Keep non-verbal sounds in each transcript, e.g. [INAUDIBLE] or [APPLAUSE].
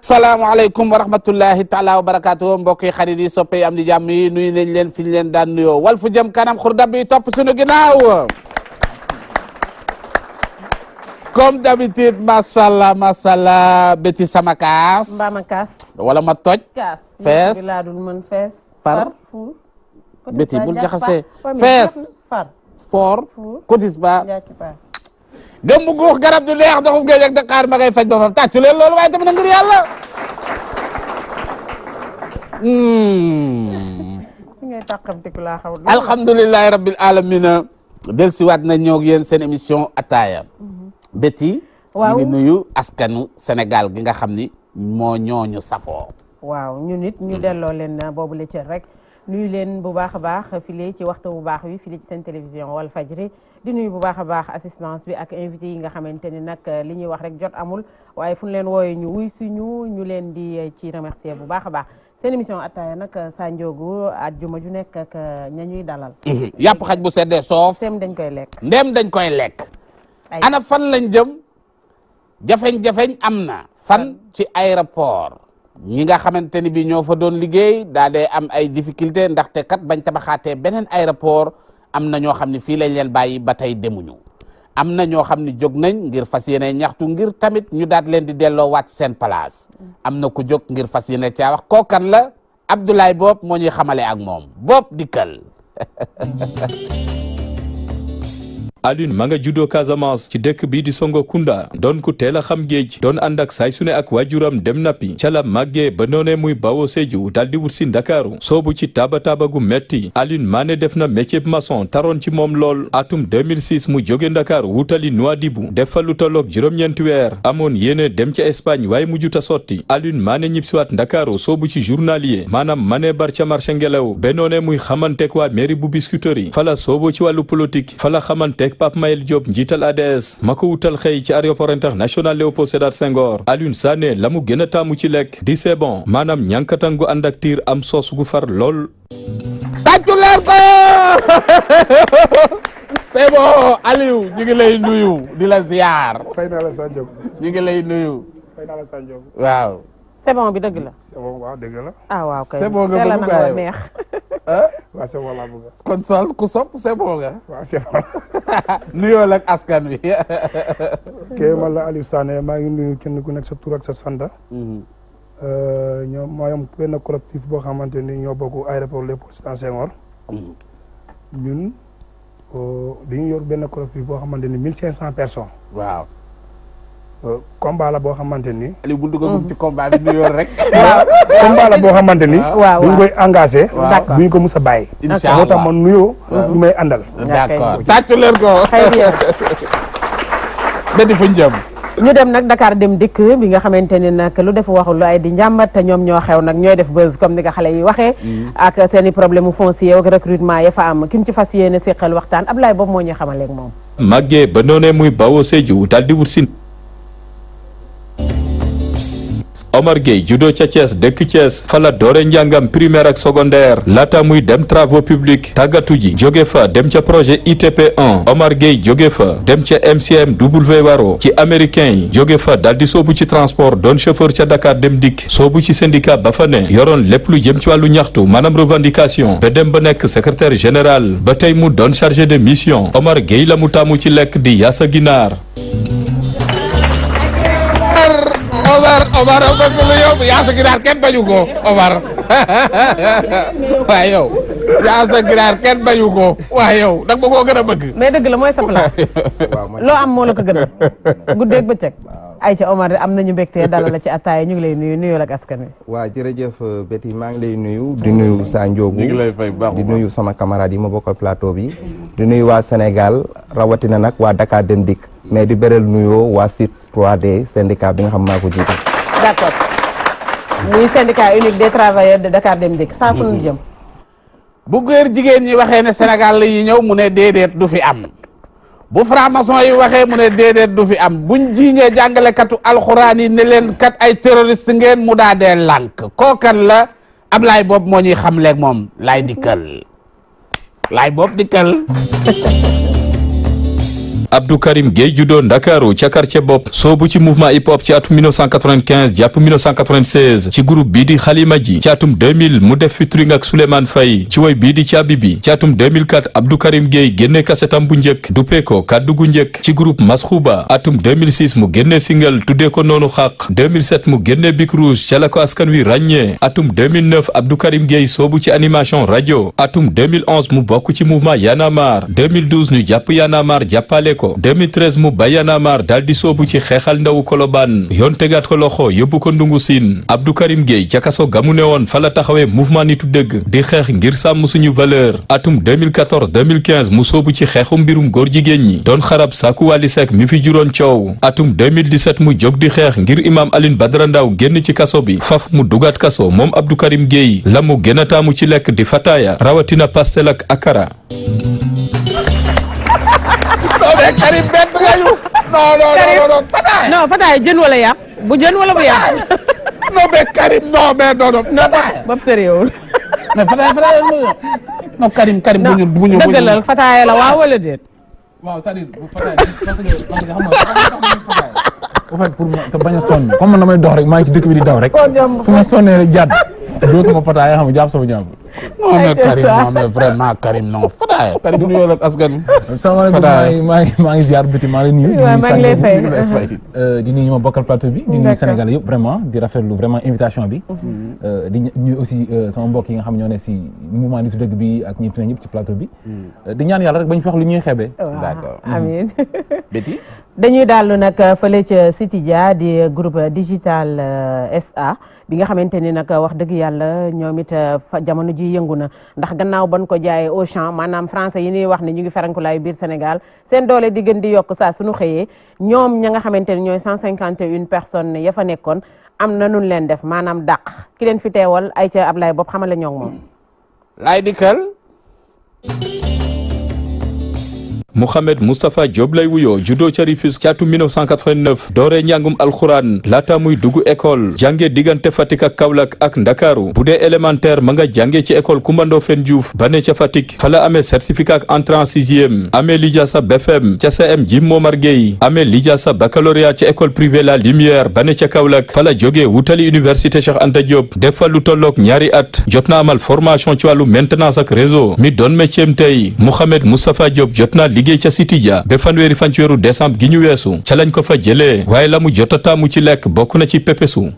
salaamaaleykum wa rahmatullahi taala wa barakaatu mbokk yi xarit yi soppe yi am di jàmm yi nuyu nañ leen fi ñu leen daan nuyoo wal fu jëm kanam xurdab bi topp suñu ginnaaw comme d'habitude masallah masallah béti sama kaas mbaama kaas wala ma toj fees laa dul mën fees far béti bul jaxase fees for kotis ba gëm bu guux garab du neex doxu géej ak daqaar ma ngay faj boppam tàccu leen loolu waaye tamit na ngir yàlla hmm. alhamdulilahi rabbil alamina del siwaat na ñëw ak yéen seen émission ataaya mhm. béti waaw ngi nuyu askanu Sénégal gi nga xam ni moo ñooñu safoo waaw ñu nit ñu mhm. delloo leen boobu la cër rek nuyu leen bu baax a baax file ci waxtu bu baax wi file ci seen télévision Walfadjri di nuyu bu baax a baax assistance bi ak invité yi nga xamante ni nag li ñuy wax rek jot amul waaye fu leen wooyee ñu wuy suñu ñu leen di eh, ci remercier bu baax a baax seen émission ataaya nag eh, Sa Ndiogou àjjuma ju nekk ak eh, ña ñuy dalal. Mhm. yàpp xaj bu sedde soof. ndéem dañ koy lekk ndéem dañ koy lekk. ana fan lañ jëm jafeñ-jafeñ am na. fan ci aéroport. ñi nga xamante ni bi ñoo fa doon liggéey daa am ay difficulté ndaxte kat bañ tabaxaatee beneen aéroport. am na ñoo xam ne fii lañ leen bàyyi ba tey demuñu am na ñoo xam ne jóg nañ ngir fas yéene ñaxtu ngir tamit ñu daat leen di delloo waat seen place am na ku jóg ngir fas yéene caa wax kookan la Abdoulaye Bob moo ñuy xamale ak moom Bob dikkal [LAUGHS] Alioune ma nga juddoo Casamance ci dëkk bii di Songokunda don ku teel a xam géej doon ànd ak saay sune ne ak waajuram dem nappi ca la màggee ba noonee muy bawoo Sédhiou daal di wut Ndakaaru soobu ci taaba taaba gu metti Alioune Mané def na métier maçon taroon ci moom lool atum 2006 mu jóge Ndakaaru wutali Nouadhibou def fa lu tolloog juróom-ñeenti weer amoon yéene dem ci Espagne waaye mujjuta sotti Alioune Mané ñibbisiwaat Ndakaaru soobu ci journalier maanaam Mané bar ca marché ngelaw ba noonee muy xamanteek waa mairie bu Biscuiterie fala soobu ci wàllu politique fala xamanteek Pape Mayel Diop njiital ADS ma wutal xëy ci aéroport international Léopold Sédar Senghor Alioune Sané la mu gën a taamu ci lekk di c'est bon maanaam ñànkatan gu am soos gu far lool. tàccu leer ko [LAUGHS] c'est bon nuyu di la ziar. fay ñu ngi nuyu. fay naa la sa Diop. waaw. c'est bon bi la. Ah, kay c'est bon nga [LAUGHS] nuyoo ak askan wi. [LAUGHS] ok man la Aliou Sané maa ngi nuyu kenn ku nekk sa tur sa sanda. Mhm. Euh, ñoom maa yom benn collectif boo xamante ni ñoo bokk aéroport Léopold Sédar Senghor. Mhm. ñun euh, dañu yor benn collectif boo xamante ni mille cinq cent person waaw. Euh, combat la boo xamante ni. Aliou bu duggagum ci combat bi nuyoon rek. [LAUGHS] waaw combat la boo xamante ni. waaw bu ñu koy engagé. bu ñu ko mus a bàyyi. incha allah moo tax ma nuyoo. ñu may àndal. d'accord tàccu leen ko. xëy na dëgg fu ñu jëm. ñu dem nag Dakar dem dikk bi nga xamante ni nag lu def waxul ay di njàmbat te ñoom ñoo xew nag ñooy def buzz comme ni nga xale yi waxee. Mm. ak seen i problème foncier ak recrutement ya fa am ki ñu ci fas yéene seqal waxtaan Ablaye boobu moo ñu xamal léegi moom. màggee ba noonee muy bawoo Sédhiou daal di wut si Omar Gueye judo ca Thiès dekk Thiès fa la doore njàngam primaire ak secondaire laata muy dem travaux publics tàggatu ji jóge fa dem ca projet ITP 1 Omar Gueye jóge fa dem ca MCM W Waro ci américain jóge fa dal di soobu ci transport doon chauffeur ca Dakar dem dikk soobu ci syndicat ba fa ne yoroon lépp lu jëm ci wàllu ñaxtu maanaam revendication ba dem ba nekk secrétaire général ba tey mu doon chargé de mission Omar Gueye la mu taamu ci lekk di yaasa ginaar Omar am na lu yomb yaa sa kenn bañu ko Omar yow yaa sa ginaar kenn bañu ko yow da nga koo gën a bëgg. mais dëgg la mooy sa loo am moo la ko gën a guddeeg bëccëg. Aïcha Omar am nañu mbégte dalal la ci ataaya ñu ngi lay nuyu nuyoo ak askan wi. waaw jërëjëf euh, maa ngi lay nuyu di nuyu sa Ndiogou ñu ngi lay fay baax di nuyu sama camarade yi ma bokkal plateau bi di nuyu waa Sénégal rawatina nag waa Dakar Dem Dikk mais di beral nuyo waa site 3D syndicat bi nga xam maa ko d'accord muy syndicat unique des travailleurs de Dakar Dem Dikk saa fu ñu bu góor jigéen ñi waxee ne Sénégal la yi ñëw mu ne déedéet du fi am bu franc-maçon yi waxee mu ne déedéet du fi am buñ jiiñee jàngalekatu alxuraan yi ne leen kat ay terroriste ngeen mu daa dee lànk kookan la ab laay boobu moo ñuy xam leeg moom laay dikkal laay boobu dikkal [LAUGHS] Abdou Karim Gueye juddoo Ndakaaru ca quartier bopp soobu ci mouvement hip hop ci atum 1995 jàpp 1996 ci groupe bii di ji ci atum mu def featuring ak Souleymane Faye ci woy bii di caabi bi ci atum 2004 Abdou Karim Gueye génne kasetam bu njëkk duppee ko kàddu ci groupe Masxuba atum 2006 mu génne single tuddee ko noonu xaq 2007 mu génne Bic Rouge ca la atum 2009 Karim Gueye soobu ci animation rajo atum 2011 mu bokk ci mouvement Yanamar 2012 ñu Yanamar jàppale ko 2013 mu ba Y'en a marre daal di soobu ci xeexal ndawu Colobane yoon tegaat ko loxo yóbbu ko ndungu siin Abdou Karim Gueye ca kaso gamu ne woon fa la taxawee mouvement nitu dëgg di xeex ngir sàmm suñu valeur atum 2014 2015 mu soobu ci xeexu mbirum góor jigéen ñi doon xarab Sakou Wally Seck mi fi juróon coow atum 2017 mu jóg di xeex ngir imaam Alioune Badara ndaw génn ci kaso bi faf mu dugaat kaso moom Abdou Karim géey la mu gën a taamu ci lekk di fataaya rawatina pastel ak akara non mais Karim bett nga ñu. non non non non Fataay. non Fataay jën wala yàpp bu jën wala bu yàpp. non mais Karim non mais non non. Fataay boobu sérieux mais Fataay Fataay non Karim Karim bu ñu bu ñu. dëggalal Fataay la waaw wala déet. waaw c'est-à-dire bu Fataay parce que parce que xam nga. bu fekk pour ma sa bañ a sonn comme man damay dox rek maa ngi ci dëkk bi di daw rek. fu ma sonnee rek jàdd. doo sama pataay xam nga jàpp sama ñaam. non mais Karim non mais vraiment Karim non pataay. Karim bu nuyoo ak askan wi. pataay maa ngi maa ngi ziar biti maa ngi lay nuyu. waaw euh, di nuyu ma bokkal plateau bi. di nuyu Sénégalais yëpp vraiment di rafetlu vraiment invitation bi. di ñaan yàlla rek bañ fi lu ñuy xeebee. Mhm. [LAUGHS] dañuy daal nag euh, fële ca Citydia di euh, groupe digital SA. bi nga xamante ni nag wax dëgg yàlla ñoom it euh, jamono ji yëngu na ndax gannaaw ban ko jaayee Auchan maanaam français yi ñuy wax ne ñu ngi ferankulaayu biir Sénégal seen doole diggan di yokk saa suñu xëyee ñoom ña nga xamante ni ñooy cent cinquante et une personnes ya fa nekkoon am na nun leen def maanaam dàq ki leen fi teewal ay ca Ablaye bopp xamale ñoom moom laay dikkal Mouhamed Moustapha Diop lay wuyoo judo ca Rufisque ci atum 1989 dooree njàngum alxuraan laata muy dugg école jànge diggante Fatick ak Kaolack ak Ndakaaru bu dee élémentaire ma nga jànge ci école Koumba Ndoffène Diouf ba ne ca Fatick fa la amee certificat ak entrée en sixième amee lijaasa BFM ca CM Jim Momar Gueye amee lijaasa baccalauréat ci école privée La Lumière ba ne ca Kaolack fa la jógee wutali université Cheikh Anta Diop def fa lu tolloog ñaari at jot na amal formation ci wàllu maintenance ak réseau mi doon métier tey Mouhamed Moustapha Diop jot na liggéey ca siti ja ba fanweeri fan ci weeru décembre ko fa jëlee waaye la mu jotata ci lekk bokk na ci pepesu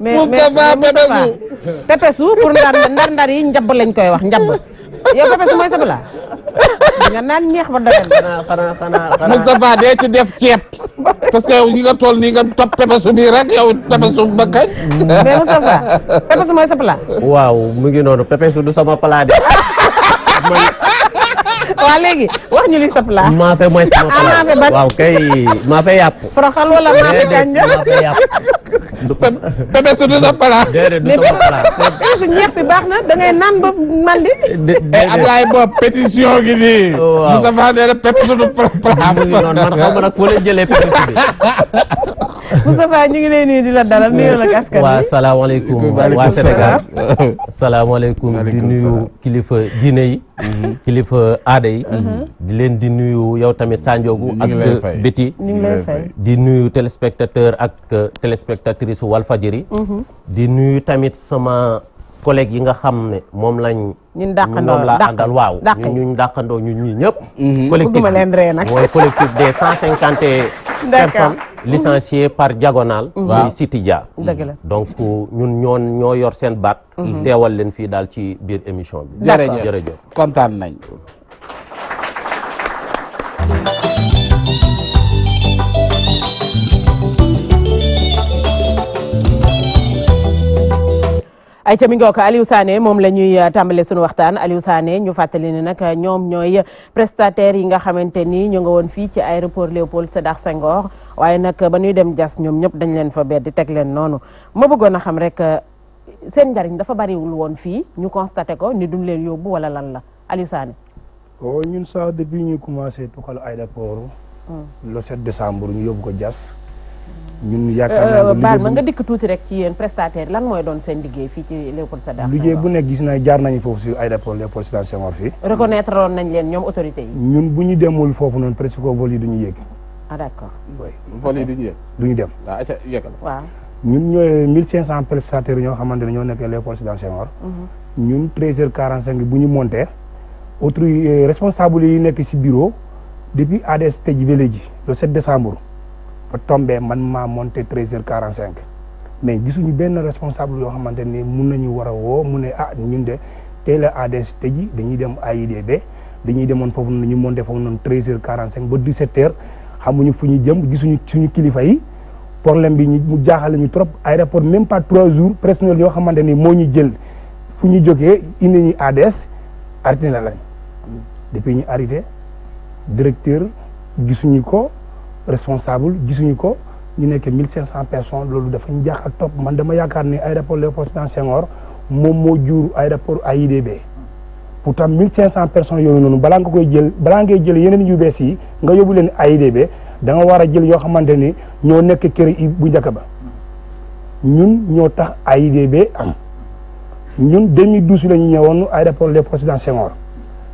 Moustapha pepesu pepesu pour ndar ndar yi njab lañ koy wax njab yow café su sa plat nga naan ñeex ba dagan xanaa dee ci def ceeb parce yow ñi nga tool nii nga topp pepe su rek yow pepe ba kañ mais Moustapha pepe su sa plat waaw mu ngi noonu pepe du sama plat de [LAUGHS] waa léegi wax ñu li sa maafe mooy sama ah, plat kay maafe yàpp. foroxal wala maafe kanja maafe yàpp. pepe du sa plat. du sa plat. [LAUGHS] baax na da ngay naan ba mandi. déedéet eh, Ablaye boobu pétition gi nii. waaw Moussa Fane du plat. mu ngi noonu man xaw ma nag foo leen jëlee pepe su bi. Moustapha ñu di la dalal nuyoo la askan wi. waaw salaamaaleykum waa Sénégal. salaamaaleykum di nuyu kilifa diine Mhm. kilifa aada yi. Mhm. di leen di nuyu yow tamit Sandiogou ak Betty di nuyu téléspectateur ak euh, téléspectatrice Walfadjiri mhm. di nuyu tamit sama. collègue yi nga xam ne moom lañ. ñun dàqandoo moom laa àndal waaw. ñun ñun dàqandoo ñun ñii ñëpp. Mm-hmm. collectif nag mooy collectif des cent cinquante personnes mm-hmm. par diagonale. Mm-hmm. waaw Sitidia. dëgg donc ñun ñoo ñoo yor seen baat. teewal leen fii daal ci biir émission bi. jërëjëf jërëjëf kontaan nañ. ay ca mi ngoo ko Aliou Sané moom la ñuy euh, tàmbale suñu waxtaan Aliou saane ñu fàttali ne nag euh, ñoom ñooy prestataire yi nga xamante ni ñu nga woon fii ci aéroport Léopold Sédar Senghor waaye nag ba ñuy dem jas ñoom ñëpp dañ leen fa beddi teg leen noonu ma bëggoon a xam rek euh, seen njariñ dafa bariwul woon fii ñu constaté ko ni duñ leen yóbbu wala lan la Aliou Sané o oh, ñun sax depuis ñu commencé tuxal aéroport hmm. le 7 décembre ñu yóbbu ko jas ñun yaakaar euh, naa ma nga dikk tuuti rek ci yéen prestataire lan mooy doon seen liggéey fii ci Léopold Sédar liggéey bu nekk gis naa jaar nañu foofu si aéroport Léopold Sédar Senghor fii reconnaître woon nañ leen ñoom autorité yi ñun bu ñu demul foofu noonu presque yi duñu yéeg ah, dem ah, ñun ñooy mille cinq cent prestataires ñoo xamante ne ñoo nekk Léopold Sédar Senghor mhm. ñun treize heures quarante cinq bu ñu monté autres euh, responsables yi nekk si bureau depuis ADS Tech Village le ba tombé man maa monté treize heures quarante cinq mais gisuñu benn responsable yoo xamante ni mun nañu war a woo mu ne ah ñun de teel a ADS tëji dañuy dem AIDB dañuy demoon foofu noonu ñu monté foofu noonu treize heures quarante cinq ba dix sept xamuñu fu ñu jëm gisuñu suñu kilifa yi problème bi ñu mu jaaxale ñu trop aéroport même pas trois jours personnel yoo xamante ni moo ñu jël fu ñu jógee indi ñu ADS arrêté la lañ depuis ñu arrêté directeur gisuñu ko. responsable gisuñu ko ñu nekk mille cinq cent personnes loolu dafa ñu jaaxal topp man dama yaakaar ni aéroport Léopold Sédar Senghor moom moo jur aéroport AIBD pourtant mille cinq cent personnes yooyu noonu balaa nga koy jël balaa ngay jël yeneen yu bees yi nga yóbbu leen AIBD da nga war a jël ñoo xamante ni ñoo nekk kër bu njëkk ba ñun ñoo tax AIBD am ñun 2012 la ñu ñëwoon aéroport Léopold Sédar Senghor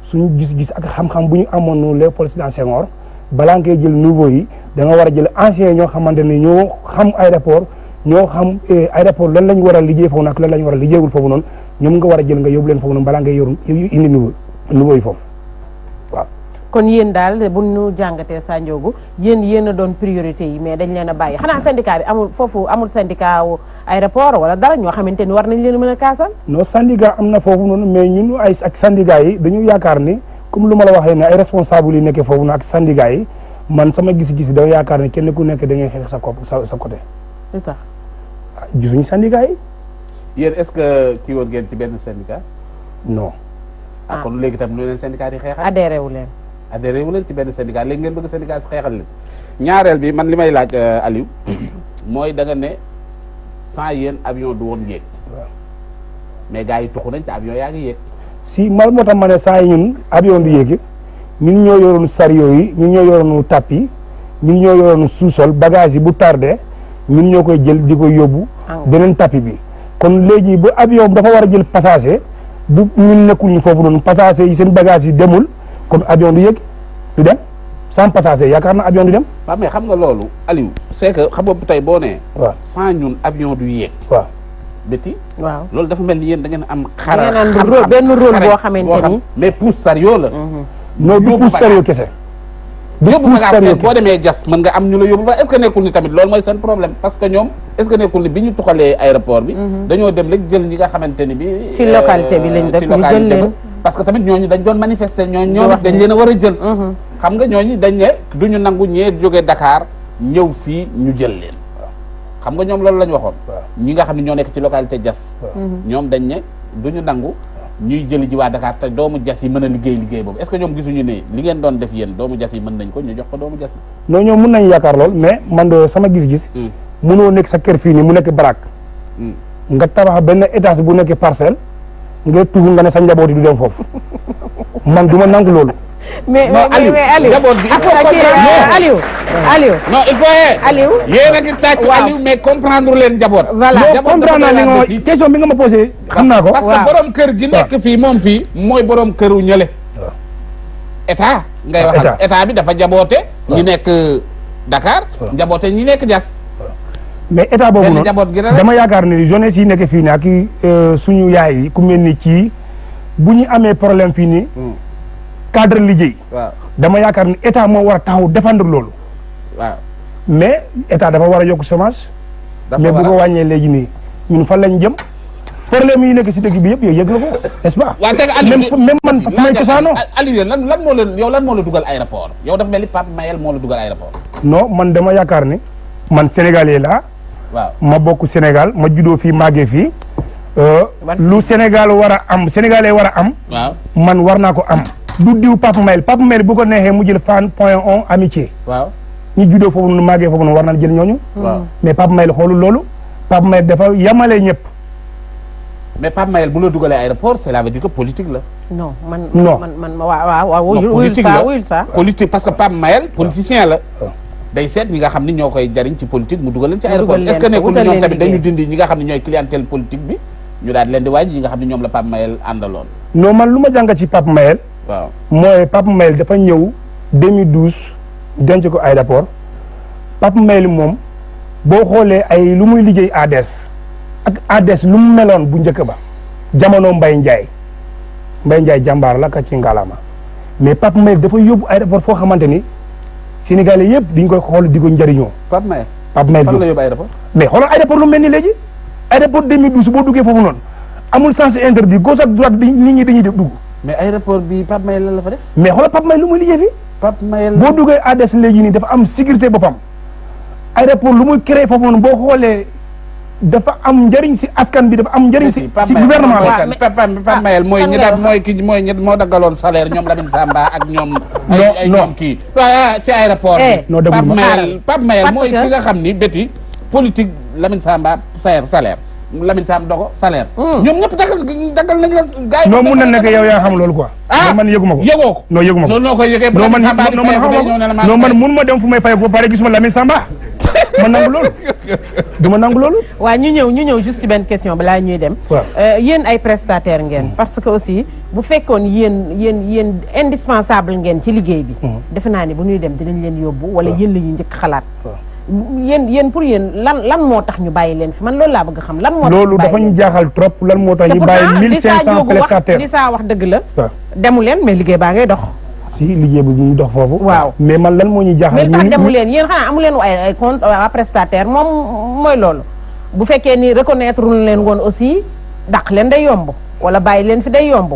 suñu gis-gis ak xam-xam bu ñu amoon Léopold Sédar Senghor balaa ngay jël nouveau yi danga war a jël ancien ñoo xamante ne ñoo xam aéroport ñoo xam eh, aéroport lan lañ war a liggéey foofu nag lan lañ war a liggéeyul foofu noonu ñoom nga war a jël nga yóbbu leen foofu noonu balaa nga yor indi nouveau nouveau yi foofu kon yéen daal bu ñu jàngatee Sa Ndiogou yéen yéen a doon priorité yi mais dañ leen a bàyyi xanaa syndicat bi amul foofu amul syndicat wu wala dara ñoo xamante ni war nañ leen mën a kaasal. non syndicat am na foofu noonu mais ñun ay ak syndicat yi dañu yaakaar ni comme lu ma la waxee ne ay responsable yi nekkee foofu na ak syndicat man sama gis-gis da yaakaar ne kenn ku nekk da ngay xeex sa kopp sa sa côté. c'est ça. Ah, gisuñu syndicat yi. yéen ce que kii woon ngeen ci benn syndicat. non. Ah, ah kon léegi tam lu leen syndicat di xeexal. adhéré wu leen. adhéré wu leen ci benn syndicat léegi ngeen bëgg syndicat si xeexal leen ñaareel bi man li may laaj euh, Aliou [COUGHS] mooy da ne sans yéen avion du woon yéeg. mais gars yi tuxu nañ te avion yaa ngi si mal moo tax ma ne saa yi ñun avion du yéegi ñun ñoo yoroon sario yi ñun ñoo yoroon tap yi ñun ñoo yoroon sous-sol bagage yi bu tardé ñun ñoo koy jël di ko yóbbu ah. beneen tapi bi kon léegi ba avion dafa war a jël passager bu ñun nekkuñu ñu foofu noonu passager yi seen bagage yi demul kon avion du yéeg du dem sans passager yaakaar na avion du dem waaw mais xam nga loolu Aliou c'est que xam bu tey boo nee waaw sans ñun avion du yéeg waaw béti waaw loolu dafa mel ni yéen da ngeen am xara xam benn rôle boo xamante ni mais pousse sérieux la mhm. non boo demee jas mën nga am ñu la yóbbu ba est-ce que nekkul ni tamit que ñoom est-ce que nekkul ni bi ñu tuxalee aéroport mhm. nga xamante ni bi ci euh, parce que tamit ñooñu dañ doon manifester ñooñu ñoom dañ leen a war a jël mhm. xam nga ñooñu dañ ne duñu nangu ñee jógee Dakar ñëw fii ñu jël leen xam nga ñoom loolu la ñu waxoon ñi nga xam ne ñoo nekk ci localité Diass mhm. ñoom dañ ne du ñu nangu ñuy jëli ji waa Dakar te doomu Diass yi mën a liggéey liggéey boobu est-ce que ñoom gisuñu ne li ngeen doon def yéen doomu Diass yi mën nañ ko ñu jox ko doomu Diass yi non ñoom mën nañ yaakaar lool mais man de sama gis-gis hmm. mënoo nekk sa kër fii nii mu nekk barak hmm. nga tabax benn étage bu nekk parcelle nga tuur nga ne sa njaboot yi du dem foofu [LAUGHS] man du ma nangu loolu mais Aliou jaboot bi il faut comprendre euh, Aliou eh, a mais comprendre leen njaboot voilà comprendre naa li bi nga ma posé xam naa ko parce que borom kër gi fii moom fii mooy borom këru ñële état ngay waxal état bi dafa jaboote ñu nekk euh, Dakar jaboote ñi nekk Diass mais état boobu noonu dama yaakaar ni jeunesse yi nekk fii naa ak euh, suñu yaay yi ku mel ni ci bu ñu amee problème fii nii hmm. cadre liggéey. dama yaakaar ni état moo war a taxaw défendre loolu. waaw mais état dafa war a yokk chômage. mais bu ko wàññee léegi nii ñun fan lañ jëm. problème yi nekk si dëkk bi yëpp yooyu yëg même même man Pape lan lan moo la yow lan moo la dugal aéroport yow dafa mel ni Pape Mayel moo la dugal aéroport. man dama yaakaar ni man sénégalais la ma bokk Sénégal ma juddoo fii màggee fii. Euh, lu Sénégal war a am sénégalais war a am. man war naa ko am. du diw Pape Mayel Pape Mayel bu ko neexee mu jël fan point on amitié. waaw ñu juddoo foofu nu màggee foofu nu war naan jël ñooñu. mais Pape Mayel xoolul loolu Pape Mayel dafa yamale ñëpp. mais Pape Mayel bu la dugalee aéroport cela la. non man man man waaw waaw. politique la wuyul saa politique parce que Pape Mayel politicien la. day seet ñoo koy jariñ ci politique mu dugal dañu dindi ñi nga xam ne ñooy clientèle politique bi ñu daal leen di wàññi ñi nga xam ne ñoom la Pape Mayel àndaloon. non man lu ma jàngat ci Pape Mayel waaw mooy Pape Mayel dafa ñëw 2012 denc ko aéroport Pape Mayel moom boo xoolee ay lu muy liggéey ADS e ak ADS e lu mu meloon bu njëkk ba jamono Mbaye Ndiaye Mbaye Ndiaye jàmbaar la ka ci ngalaama mais Pape Mayel dafa yóbbu aéroport foo xamante ni Sénégalais yëpp diñ koy xool di ko njëriñoo. Pape Mayel Pape la yóbbu aéroport mais xoolal aéroport lu mel ni léegi aéroport 2012 boo duggee foofu noonu amul sens interdit gauche ak droite nit ñi dañuy dugg. mais aéroport bi Pape Maye lan la fa def. mais xoolal Pape Maye lu muy liggéey fi Pape Maye boo duggee ADS léegi nii dafa am sécurité boppam. aéroport lu muy créé foofu noonu boo xoolee dafa am njariñ si askan bi dafa am njëriñ si. si gouvernement bi ah, Pape ah, Maye mooy ñi da mooy ki mooy ñi moo daggaloon salaire ñoom Lamine ak ñoom. ay ay ñoom kii waaw ah, ci aéroport bi. Eh, mooy ki nga xam ni bétti politique Lamine Samba salaire salaire. Lamine Thiam dogo salaire. Hmm. ñoom ñëpp daggal xam loolu quoi. ah man yëgu ma ko yëgoo ko. ko non noo koy yëgee. non man non man ma dem Samba. [LAUGHS] ma nangu loolu dama nangu loolu. waaw ñu ñëw ñu ñëw juste benn question balaa ñuy dem. Euh, yéen ay prestataire ngeen. Hmm. parce que aussi bu fekkoon yéen yéen yéen indispensable ngeen ci liggéey bi. Hmm. def naa ne bu ñuy dem dinañ leen yóbbu. wala yéen la ñuy njëkk xalaat yéen yéen pour yéen lan lan moo tax ñu bàyyi leen fi man loolu laa bëgg xam lan moo tax loolu dafa ñu jaaxal trop lan moo tax ñu bàyyi mille cinq cent prestataires li saa wax dëgg la demu leen mais liggéey baa ngay dox si liggéey bi ñuy dox foofu waaw mais man lan moo ñu jaaxal mais tax demu leen yéen xanaa amu leen ay ay compte moom mooy loolu bu fekkee ni reconnaître leen woon aussi dàq leen day yomb wala bàyyi leen fi day yomb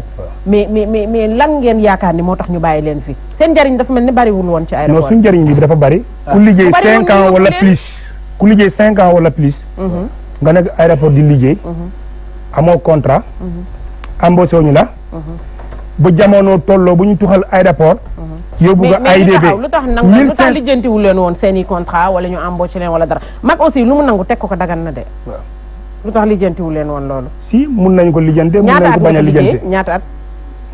mais mais mais mais lan ngeen yaakaar ni moo tax ñu bàyyi leen fi seen njëriñ dafa mel ni bariwul woon ci aéroport non suñu njëriñ bi dafa bari ah. ku liggéey cinq ans wala plus ku liggéey cinq ans wala plus mhm. nga nekk aéroport di liggéey mhm. amoo contrat mhm. embauché ñu la ba jamono tolloo bu ñu tuxal aéroport yóbbu nga AIBD lu tax nangu lu tax leen woon seen contrat wala ñu embauché leen wala dara mag aussi lu mu nangu teg ko ko dagan na de lu tax lijjantiwu leen woon loolu. si mun nañ ko lijjante. mun nañ ko bañ a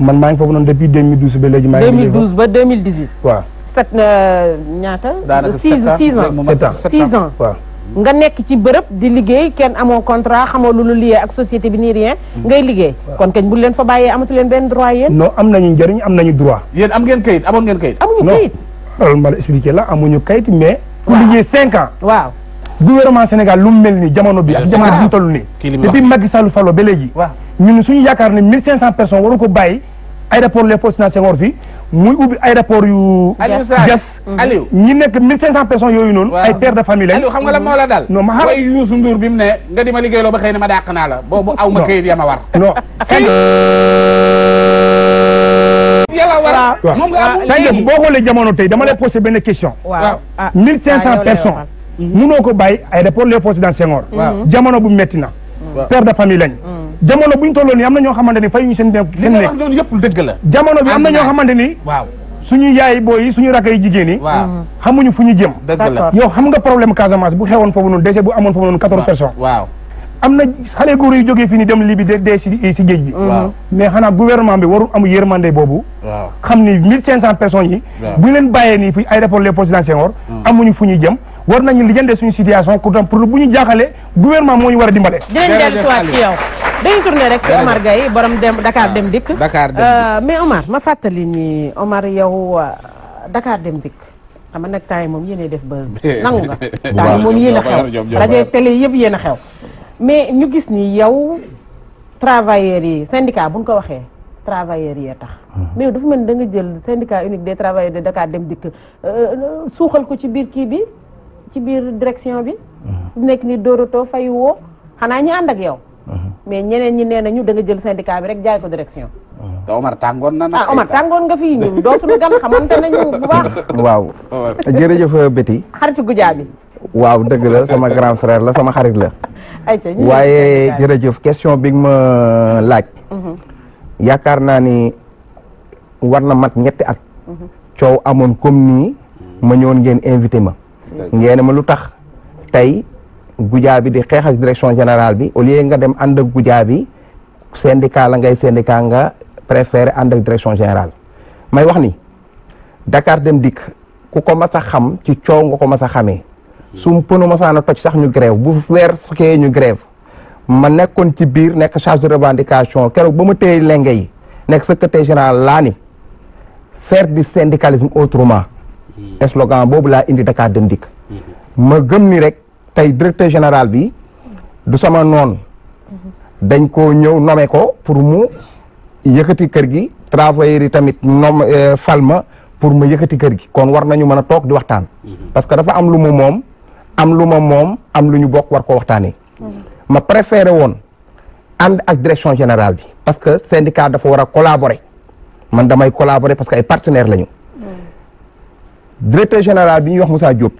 man maa ngi foofu noonu depuis 2012 ba léegi. maa ngi liggéey 2012 ba 2018. waaw sept euh, ñaata. daanaka sept ans six ans six ans waaw. nga nekk ci bërëb di liggéey kenn amoo contrat xamoo lu lu lié ak société bi nii rien. Mm. ngay liggéey kon kañ bu leen fa bàyyee amatu leen benn droit yéen. non am nañu njëriñ am nañu droit. yéen am ngeen kayit amoon ngeen kayit. amuñu kayit non loolu ma la la amuñu kayit mais. ku liggéey cinq ans gouvernement Sénégal lu mu mel ni jamono bi ak jamono bi ñu ah. toll nii depuis Macky Sall falo ba léegi ñun suñu yaakaar ne mille cinq cent personnes waru ko bàyyi aéroport Léopold Sédar Senghor fi muy ubbi aéroport yu jas Aliou mm-hmm. nekk mille cinq cent personnes yooyu noonu ay père de famille lañ Aliou xam nga la moo la daal ma xam way Youssou Ndour bi na ma dàq naa la boobu aw ma këyit ya ma war non yàlla war ah, moom boo xoolee jamono tey dama lay posé benn question ah, mille cinq cent personnes Mhm. munoo ko bàyyi aéroport Léopold Sédar Senghor mhm. jamono bu metti na père de famille lañ mhm. jamono buñ tolloon nii am na ñoo xamante ni fay ñu seen nekk seen nekk yëpp dëgg la jamono bi am na ñoo xamante ni waaw yaay booy yi suñu rakk yi jigéen yi xamuñu fu ñu jëm dëgg la xam nga problème Casamance bu xewoon foofu noonu décès bu amoon foofu noonu quatorze personnes am na xale góor yu jógee fii nii dem Libye de dee si si géej bi mais xanaa gouvernement bi warul amu yërmande boobu xam ni mille cinq cent personnes yi war nañu lijjante suñu situation pour pour bu ñu jaaxalee gouvernement moo ñu war a dimbale. dinañ dellu soit ci yow. dañu tourné rek Omar Gaye borom dem Dakar dem dikk. Dakar dem euh, mais Omar ma fàttali ni Omar yow euh, Dakar dem dikk. xam nga nag temps yi moom yéen def ba [LAUGHS] nangu nga. temps yi moom yéen a xew rajo télé yëpp yéen a xew. mais ñu gis nii yow travailleurs yi syndicat bu ñu ko waxee travailleurs yee tax. Hmm. mais yow dafa mel ni da jël syndicat unique de travailleurs de Dakar dem dikk euh, suuxal ko ci biir kii bi. ci biir direction bi. Uh-huh. nekk ni dóoratoo fay wo xanaa ñu ànd ak yow. Uh-huh. mais ñeneen ñi nee nañu da nga jël syndicat bi rek jaay ko direction. Uh-huh. te Omar na nag. ah nga fii ñun doo suñu gan xamante nañu bu baax. [LAUGHS] waaw jërëjëf euh, Betty. xaritu gujaa bi. waaw dëgg la sama grand frère la sama xarit la. [LAUGHS] waaye jërëjëf question bi ma euh, laaj. Mm-hmm. yaakaar naa ni war na mat ñetti ak mm-hmm. coow amoon comme nii ma ñëwoon ngeen invité ma. ngeen ma lu tax tey gujaa bi di xeex ak direction général bi au lieu nga dem ànd ak gujaa bi syndicat la ngay syndicat nga préféré ànd ak direction général may wax ni Dakar dem dikk ku ko masa xam ci coow nga ko mas xame xamee hmm. su pënu masaan a toj sax ñu grève bu weer sukee ñu grève ma nekkoon ci biir nekk charge de revendication keroog ba ma téye lenge yi nekk secrétaire général laa ni faire du syndicalisme autrement Mmh. slogan boobu laa indi Dakar Dem Dikk mmh. ma gën ni rek tey directeur général bi du sama noon mmh. dañ ko ñëw nome ko pour mu yëkkati kër gi travailleurs yi tamit nom euh, falma pour ma yëkkati kër gi kon war nañu mën a toog di waxtaan parce que dafa am lu ma moom am lu ma moom am lu ñu bokk war ko waxtaanee ma préféré woon ànd ak direction général bi parce que syndicat dafa war a collaborer man damay collaborer parce que ay partenaires lañu directeur général bi ñuy wax Moussa Diop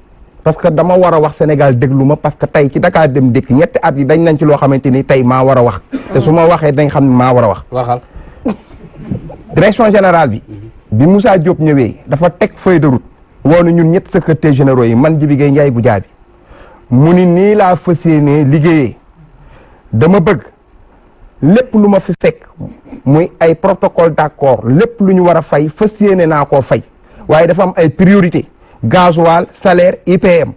parce que dama war a wax Sénégal déglu ma parce que tey ci Dakar dem dikk ñetti at yi dañ nañ ci loo xamante ni tey maa war a wax. te su ma waxee dañ xam ne maa war a wax. waxal direction général bi. bi Moussa Diop ñëwee dafa teg feuille de route. woonu ñun ñett secrétaire généraux yi man Jibi Gueye Ndiaye Goudiaby mu ni nii laa fas yéenee liggéeyee dama bëgg lépp lu ma fi fekk muy ay protocole d'accord lépp lu ñu war a fay fas yéene naa koo fay. waaye dafa am ay priorité gasoil salaire IPM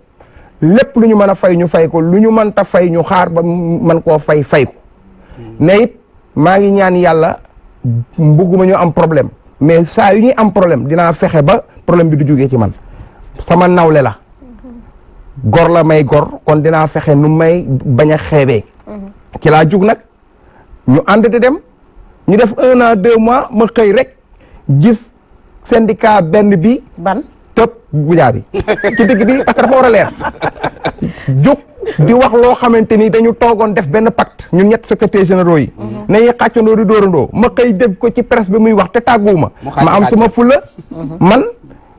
lépp lu ñu mën a fay ñu fay ko lu ñu mënta fay ñu xaar ba man koo fay fay ko ne maa ngi ñaan yàlla mbugguma ñu am problème mais saa yu ñuy am problème dinaa fexe ba problème bi du jugee ci man sama nawle la gor la may gor kon dinaa fexe nu may bañ a xeebee mhm. ci jug nag ñu ànd di dem ñu def a an deux ma xëy rek gis syndicat benn bi. ban tëb gujaa bi [LAUGHS] ci digg bi parce que war a leer. jóg di wax loo xamante ni dañu toogoon def benn pacte ñun ñett secrétaire généraux yi. Mhm. nañuy xàccandoo di dóorandoo ma xëy dégg ko ci presse bi muy wax te tàgguwuma ma am sama fula. Mhm. man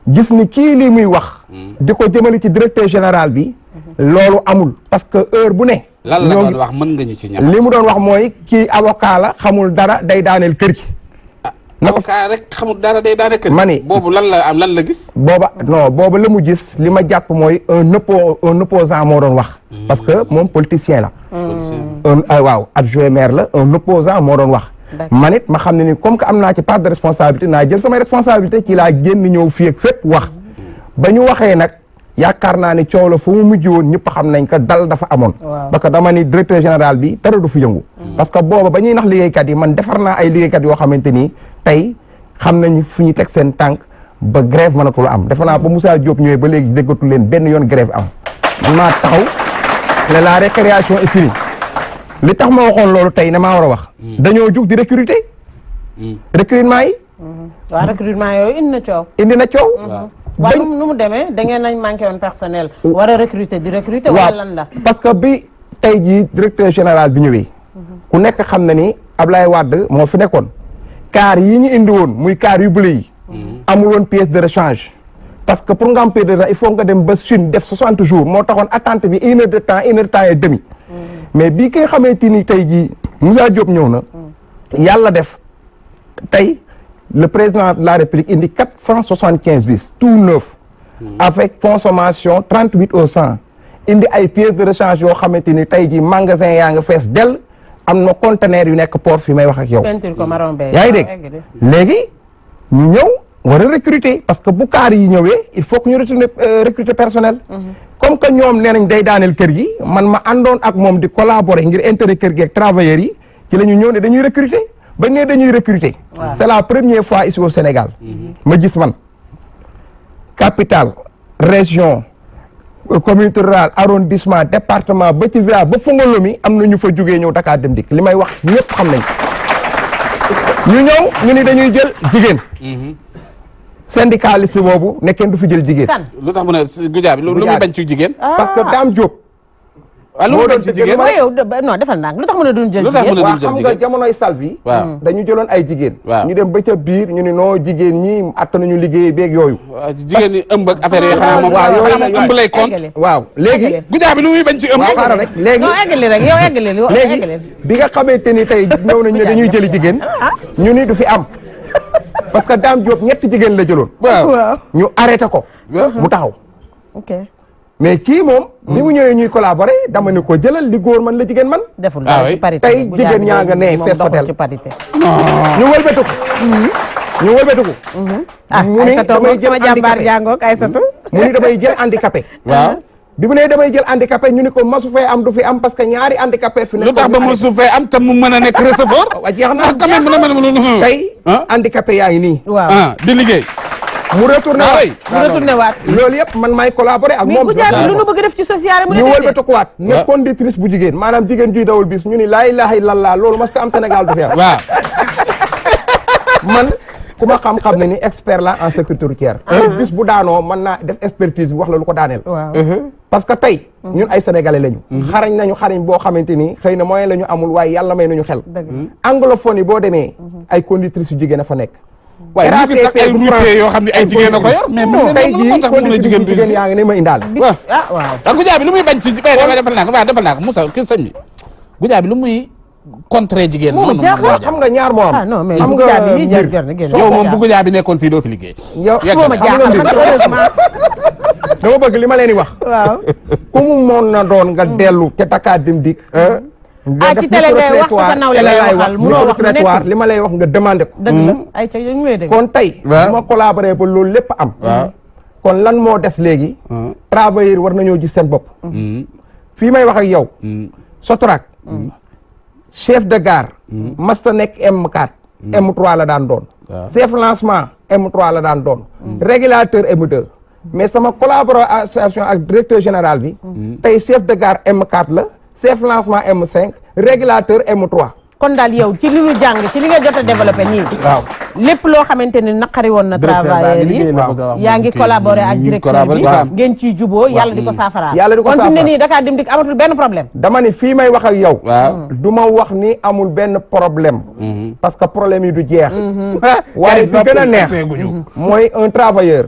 gis ni kii lii muy wax. Mhm. di ko jëmale ci directeur général bi. loolu amul parce que heure bu ne. lan wax mën nga ñu ci ñam mu doon wax mooy kii avocat la xamul dara day daaneel kër gi. avocat rek xamul dara day ma ni boobu lan la lan la gis. booba non booba la mu gis li ma jàpp mooy un oppo moo doon wax. Hmm. parce que moom politicien la. Hmm. un euh, waaw adjoint maire la un opposant moo doon wax. man it ma xam ne ni comme que am naa ci part de responsabilité naa jël samay responsabilité ci laa génn ñëw fii ak fépp wax. Hmm. ba ñu waxee nag yaakaar naa ni coow la fu mu mujj woon ñëpp xam nañ ko dal dafa amoon. parce que dama ni directeur général bi dara du fi yëngu. parce que booba ba ñuy yi man defar naa ay liggéeykat yoo xamante ni. tey xam nañ fu ñu teg seen tànk ba grève mënatul am defe naa ba Moussa Diop ñëwee ba léegi déggatu leen benn yoon grève am man maa taxaw ne la récréation est li tax ma waxoon loolu tey ne maa war a wax. Hmm. dañoo jug di recruter. Hmm. recrutement yi. Hmm. waaw recrutement indi na coow. indi na coow. nu mu demee da ngeen nañ manqué woon personnel. war a recruter la parce que bi tey jii directeur général bi ñëwee. ku nekk xam na ni lay Wade moo fi nekkoon. car yi ñu indi woon muy car yu bleu yi. Mm-hmm. amul woon pièce de rechange. parce que pour nga am rechange il faut nga dem ba Chine def 60 jours moo taxoon attente bi une heure de temps une de temps et demi. Mm-hmm. mais bii ki nga xamante ni tey jii Moussa Diop na. Mm-hmm. yàlla def tey le président de la République indi 475 bis tout neuf. avec consommation 38 au cent indi ay pièces de rechange yoo xamante ni tey jii magasin yaa nga fees dell. am na conteneur yu nekk port fii may wax ak yow. yaa ngi dégg léegi ñu ñëw war a parce que bu kaar yi ñëwee il faut que ñu retourner euh, recruter personnel. Mhm. comme que ñoom nee nañ day daaneel kër gi man ma àndoon ak moom di collaborer ngir intérêt kër gi ak travailleurs yi ci la ñu ñëw ne dañuy recruter bañ ne dañuy recruter. c'est la première fois ici au Sénégal. Mhm. ma gis man capitale région. communauté rurale arrondissement département ba ci VA ba Fongolomi am na ñu fa jugee ñëw Dakar dem dikk li may wax ñëpp xam nañ ñu ñëw ñu ni dañuy jël jigéen. Mhm. syndicaliste boobu ne kenn du fi jël jigéen. lu tax mu ne Goudiaby lu muy bañ ci jigéen. parce que ah. daam Diop. moo doon ci jigéen waaw yow non defal naa lu tax mën a doon jël jigéen waaw xam nga jamonoy salvi waaw ca biir ñu ne non jigéen ñi attanuñu liggéey beeg yooyu jigéen ñi ëmb ak affaire yi xanaa moom xanaa moom ëmb lay compte waaw léegi gujaa bi lu muy bañ ci ëmb xaaral rek léegi non eggali rek yow eggali bi nga xamante ni tey ñëw nañ ne [LAUGHS] dañuy jëli jigéen ah, ah. ñu ni du fi am parce que Dame Diop ñetti jigéen la jëloon waaw ñu arrêté ko mu taxaw mais kii moom. bi mu mm. ñëwee ñuy collaborer dama ne ko jëlal li man la jigéen man. deful ah dara ci parité tey jigéen ñaa nga nee fees hotel ñu wëlbatiku. Mm-hmm. ñu wëlbatiku. Mm-hmm. ah, ah Aïssatou moom sama jàmbaar jàngoog Aïssatou. Mm-hmm. mu ni damay jël handicapé. [LAUGHS] waaw di ah. mu ne damay jël handicapé ñu ni ko masu fee am du fi am parce que ñaari handicapé. fi ne lu tax ba masu fee am tam mu mën a nekk receveur. waaw [LAUGHS] jeex na ah quand même tey handicapé yaa ngi nii. waaw di liggéey. mu retourné waat mu retourné loolu yëpp man maay collaboré ak moom lu nu bëgg def ci social ñu wëlbatikuwaat ne conductrice bu jigéen maanaam jigéen juy dawal bis ñu ni laa ilaaha illallaah loolu mas ko am Sénégal du [LAUGHS] man ku ma xam-xam ne ni expert la en sécurité routière ah. bis bu daanoo mën naa def expertise bi wax la lu ko daaneel uh-huh. parce que tey mm-hmm. ñun ay sénégalais lañu mm-hmm. xarañ nañu xarañ boo xamante ni xëy na moyen la ñu amul waaye yàlla may nañu xel mm-hmm. anglophone yi boo demee ay conductrice yu jigéen a fa nekk waaye ñu ngi sax ay ruupee yoo xam ne ay jigéen a ko yor. mais man de loolu moo tax mun a jigéen bi jigéen yaa ngi ne ma indaale. ah waaw ndax guddaa bi lu muy bañ ci bay damay defal naa ko waaw defal naa ko Moussa kii sëñ bi guddaa bi lu muy contrer jigéen. moom jaaxal xam nga ñaar moo am. ah non mais guddaa bi ñuy jar jar na génn. yow moom bu guddaa bi nekkoon fii doo fi liggéey. yow xam nga jaaxal dama bëgg li ma leen di wax. waaw ku mu moon na doon nga dellu ca Dakar dem dikk ah ci télé ngay li ma lay wax nga demandé ko. dëgg la hmm? ay ca ñu lay dégg. kon tey. waaw ma collaboré ba loolu lépp am. Hmm? kon lan moo des léegi. Hmm. travailleur war nañoo gis seen bopp. fii may wax ak yow. Sotrac. chef de gare. masta nekk M4. M3 la daan doon. chef lancement M3 la daan doon. régulateur M2. mais sama collaboration ak directeur général bi. tey chef de gare M4 la. chef lancement M5 régulateur M3. kon daal yow ci li ñu jàng ci li nga jot a développé nii. waaw lépp loo xamante ni naqari woon na. travailleurs yi yaa ngi collaboré ak directeur bi ngeen ciy juboo yàlla di ko saafara yàlla di ko saafara kon fi mu ne nii Dakar Dem Dikk amatul benn problème. dama ni fii may waxal ak yow. du ma wax ni amul benn problème. Mhm. parce que problème yi du jeex. Mhm. [LAUGHS] waaye du gën a neex. mooy un travailleur.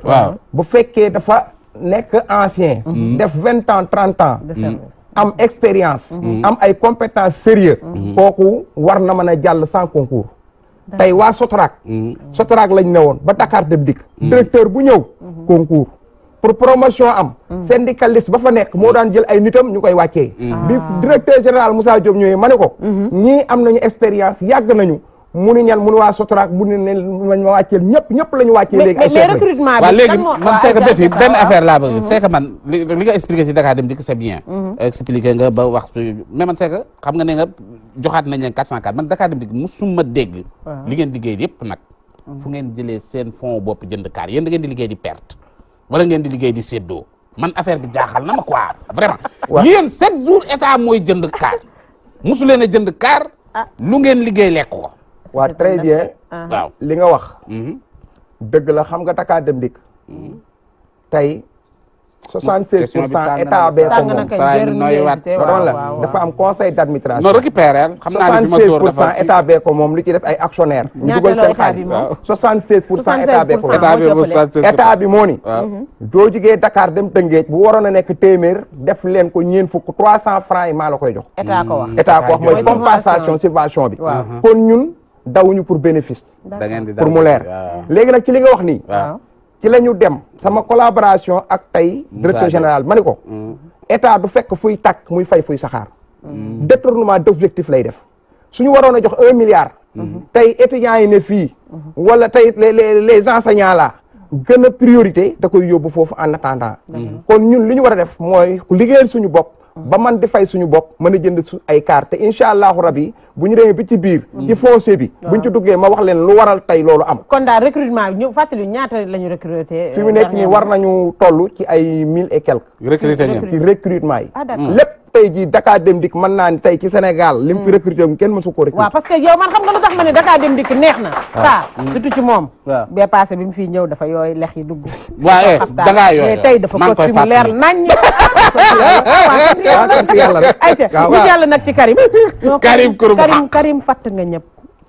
bu fekkee dafa nekk ancien. Mhm. def vingt ans trent ans. am expérience mhm. am ay compétence sérieux mhm. mhm. kooku war na mën a jàll sans concours tey waa Sotrac Sotrac lañ ne woon ba Dakar dem dikk directeur bu ñëw concours pour promotion am syndicaliste ba fa nekk moo daan jël ay nitam ñu koy wàccee bi directeur général Moussa Diop ñëwee ma ne ko ñii am nañu expérience yàgg nañu mu ni ñan mu ni waa Sotrac mu ni ne mañ ma wàcceel ñëpp ñëpp la ñu wàccee léegi ay chef recrutement bi léegi man c'est que béti benn affaire laa bëgg mm-hmm. c'est que man li nga si Dakar dem dikk c'est bien mm-hmm. expliqué nga ba wax mais man c'est xam nga ne nga joxaat nañ leen 404 man Dakar dem dikk musuma dégg li ngeen liggéey yëpp nag mm-hmm. fu ngeen jëlee seen fond bopp jënd kaar yéen da ngeen di liggéey di perte wala ngeen di liggéey di séddoo man affaire bi jaaxal na ma quoi vraiment yéen sept jours état mooy jënd kaar musu leen a jënd kaar ah. lu ngeen liggéey lekk ko waa très bien. waaw li nga wax. Mhm. dëgg la xam nga takkaa dem dikk. Mhm. tey. 76 pour cent état bee moom saa yi noyyiwaat waaw la dafa pour cent état bee moom lu ci def ay actionnaire ñu dugal seen xaalis 76 pour cent état bee moom état bi moo ni. doo Dakar dem Tëngéej bu waroon nekk téeméer def leen ko ñeen fukk 300 francs yi maa la koy jox. état ko wax mooy compensation subvention bi. Mhm. kon ñun. dawuñu pour bénéfice. da ngeen di pour mu leer. Ah. léegi nag ci li nga wax nii. Ah. ci la ñu dem sama collaboration ak tey. directeur général ma ni ko. Mm. état du fekk fuy tàkk muy fay fuy saxaar. Mm. détournement d' objectif lay def su ñu waroon a jox un milliard. Mm-hmm. tey étudiants yi ne fii. Mm-hmm. wala tey les les enseignants là. Mm-hmm. gën a priorité da koy yóbbu foofu en attendant. kon ñun li ñu war a def mooy liggéeyal suñu bopp. ba man di fay suñu bopp mën a jënd su ay carte te incha allahu rabi bu ñu demee bi ci biir mm. ci foncé bi buñ ci duggee ma wax leen lu waral tey loolu am kon daal recrutement bi fàttali ñaata la ñu recruté fi mu nekk euh, nii war nañu toll ci ay mille et quelques recruté ngeen ci recrutement ah, lépp tey jii Dakar Dem Dikk man naa ni tey ci Sénégal lim fi hmm. recruté mu kenn mësu ko recruté waaw parce que yow man xam nga lu tax ma ne Dakar Dem Dikk neex na ah. saa hmm. surtout ci moom bee passé bi mu fii ñëw dafa yooy lex yi dugg waaw dangaa yooyu mais tey dafa costume leer nañ [LAUGHS] ayca ñu jàll nag ci Karim [LAUGHS] Karim Karim Karim fatt nga ñëpp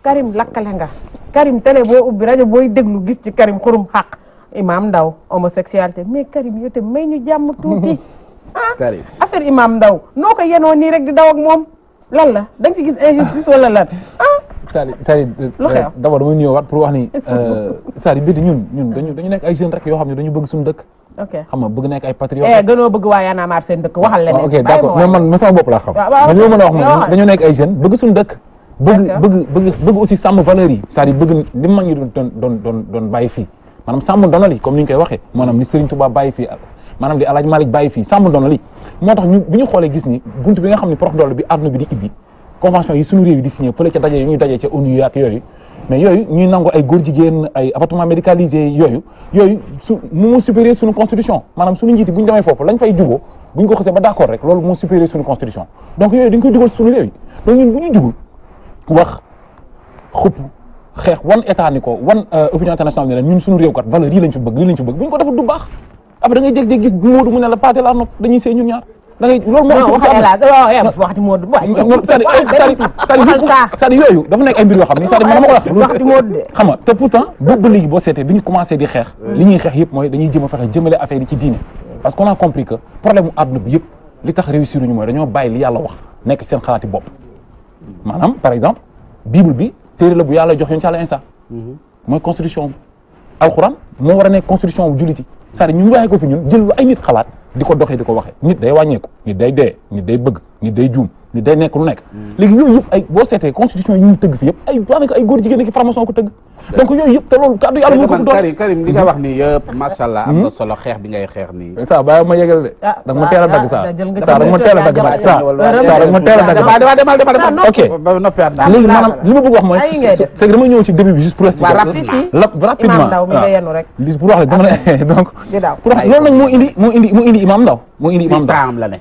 Karim lakkale nga Karim télé boo ubbi rajo booy déglu gis ci Karim xurum xaq maam Ndaw homosexualité mais Karim yow te may ñu jàmm tuuti [LAUGHS] Ah, Karim affaire Imam Ndaw noo ko yenoo nii rek di daw moom lan la da nga ci gis injustice wala lan ah. Sali Sali eh, d'abord dama ñëwaat pour wax ni [LAUGHS] euh, Sali bii ñun ñun dañu dañu nekk ay jeunes rek yoo xam ne dañu bëgg suñu dëkk. bëgg eh, bëgg a marre seen dëkk a dañoo nekk ay jeunes bëgg suñu dëkk. bëgg bëgg bëgg bëgg aussi sàmm valeurs yi c'est-à-dire bëgg li mag doon doon fii maanaam sàmm donal yi ni koy waxee maanaam li Serigne Touba bàyyi fii maanaam li alaaj Malick bàyyi fii sàmm ndono li moo tax ñu bi ñu xoolee gis ni buntu bi nga xam ne prox doole bi àdduna bi di ibbi convention yi suñu réew yi di signé fële ca daje yi ñuy daje ca ONU ak yooyu mais yooyu ñuy nangu ay góor jigéen ay appartement médicalisé yooyu yooyu su moo supérieur suñu constitution maanaam suñu njiiti bu ñu demee foofu lañ fay juboo bu ñu ko xasee ba d'accord rek loolu moo supérieur suñu constitution donc yooyu dañ koy dugal suñu réew yi donc ñun bu ñu jugul wax xupp ko wan euh, opinion internationale ne la ñun suñu réew kat valeur yi lañ fi bëgg après da ngay jékki-jékki gis Modou mu ne la Pathé laa nopp dañuy sëy ñun ñaar da loolu moo waxee la waxati xam ne c'est-à-dire man ma te pourtant ba ba léegi boo seetee bi ñu commencé di xeex li ñuy xeex yëpp mooy dañuy jëm a fexe jëmale affaire yi ci diine parce qu'on a compris que problème mu àdduna bi yëpp li tax réussir ñu mooy dañoo bàyyi li yàlla wax nekk seen xalaati bopp maanaam par exemple bible bi téere la bu yàlla jox yoon ci àlla insa mhm. mooy constitution alxuraan moo war a nekk constitution bu juliti c'est-à-dire ñun waxee ko fi ñun jël lu ay nit xalaat di ko doxee di ko waxee nit day wàññeeku nit day dee nit day bëg nit day juum ni day nekk lu nekk mm. léegi yooyu yëpp ay boo seetee constitution yi ñu tëgg fi yëpp ay daanaka ay góor jigéen ak formation ko tëgg donc yooyu yëpp te loolu kàddu yàlla moo ko doon Karim Karim li nga wax nii yëpp mm-hmm. macha allah am na mm-hmm. solo xeex bi ngay xeex nii saa bàyyi ma yegal de ah, da nga ma teel a dagg ah, saa ah, saa da nga ma teel a dagg ma saa saa da nga ma teel a dagg ma demal demal demal ok léegi maanaam li ma bëgg wax mooy c'est que dama ñëw ci début bi juste pour expliquer rapidement pour wax rek dama ne [LAUGHS] donc pour wax loolu nag moo indi moo indi moo indi imam ndaw moo indi imam ndaw la ne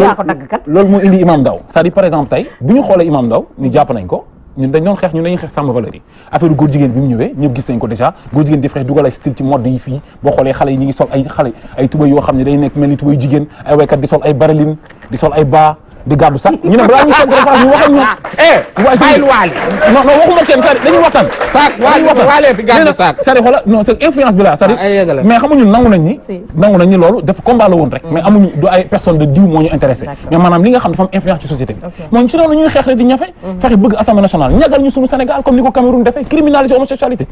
yaa ko dagg kat loolu moo indi imam daw cest à par exemple tey bu ñu xoolee imam daw ni jàpp nañ ko ñun dañ doon xeex ñun dañuy xeex sàmm valeur yi affaire góor jigéen bi mu ñëwee ñu gis nañ ko déjà góor jigéen di fexe dugal ay style ci mode yi fii boo xoolee xale yi ñu ngi sol ay xale ay xam ne day nekk mel ni tubay jigéen ay waykat di sol ay baraline di sol ay baa di gàddu sax ñu ne balaa ñuy segg repas ñu waxal ñu. [LAUGHS] Eh, eh, waa fayil waxuma kenn sari dañuy waxtaan. saak waale waalee fi gàddu saak sari ah, nangu nañ nangu nañ loolu dafa combat woon rek. Mm. mais amuñu du ay personne de diw moo ñu intéressé. mais maanaam li nga xam dafa am influence ci société bi. moom xeex rek di ñafe. Mm. fexe bëgg assemblée nationale ñagal ñu suñu Sénégal comme ni ko Cameroun defee criminaliser homosexualité.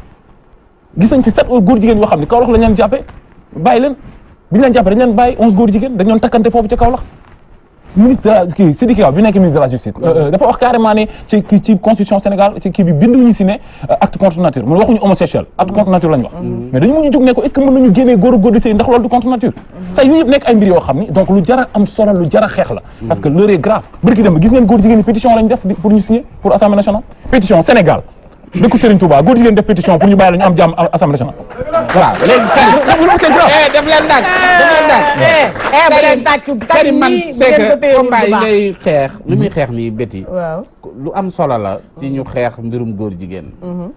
gis nañ fi sept góor jigéen yoo xam ne Kaolack la ñu leen leen bi ñu leen ministre euh, kii Sidiki Kaba bi nekk ministre de la justice euh, euh, dafa wax carrément ne ci ci Sénégal ci kii bi binduñu si ne acte contre nature mun waxuñu homosexuel acte contre nature la wax mm. mais dañu mën ñu jug ne ko est-ce que mën nañu génnee góor góor di sëy ndax loolu contre nature mm. ça yooyu nekk ay mbir yoo ni donc lu jara am solo lu jara xeex la mm. parce que l'heure est grave bërki dem gis ngeen góor jigéen pétition lañ def pour ñu signer pour assemblée nationale pétition Sénégal dëkku Serigne Touba góor jigéen def pétition pour ñu bàyyi la am jàmm assemblée nationale voilà léegi eh, leen dàgg eh, daf leen dàgg eh, Karim man c'est que combat ngay xeex lu muy xeex nii béti waaw lu am solo la ci ñu xeex mbirum góor jigéen mm-hmm.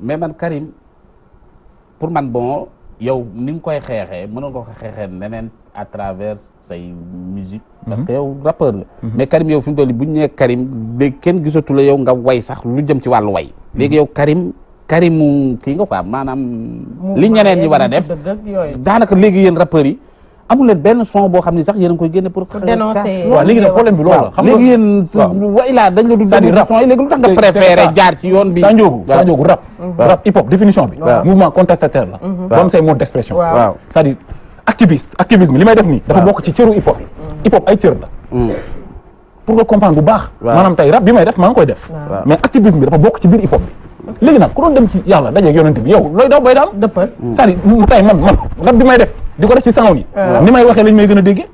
mais man Karim pour man bon yow ni koy xeexee mënoon nga ko xeexee neneen à travers say musique parce mhm. que yow rappeur nga mhm. mais Karim yow fi mu toll bu ñu Karim léegi kenn gisatu la nga way sax lu jëm ci wàllu way mhm. léegi yow Karim Karimu kii nga quoi maanaam li ñeneen ñi war a def daanaka léegi yéen rappeurs yi amul benn son boo xam ne sax yéen a ngi koy génne pour dénoncer waaw léegi nag problème bi loolu la léegi yéen way dañ la dul déglu yi léegi lu tax nga préféré jaar ci yoon bi sanjoogu sanjoogu rap rap hip hop définition bi mouvement contestataire hip hop ay cër la. Hmm. pour nga comprendre bu baax. maanaam tey rap bi may def maa ngi koy def. mais activisme bi dafa bokk ci biir hip hop bi. léegi nag ku doon dem ci yàlla dajeeg yonent bi yow looy daw bay daal. dëppal hmm. c'est-à-dire tey man man rap bi may def di ko def ci sangoon yi. ni may waxee lañ may gën a déggee.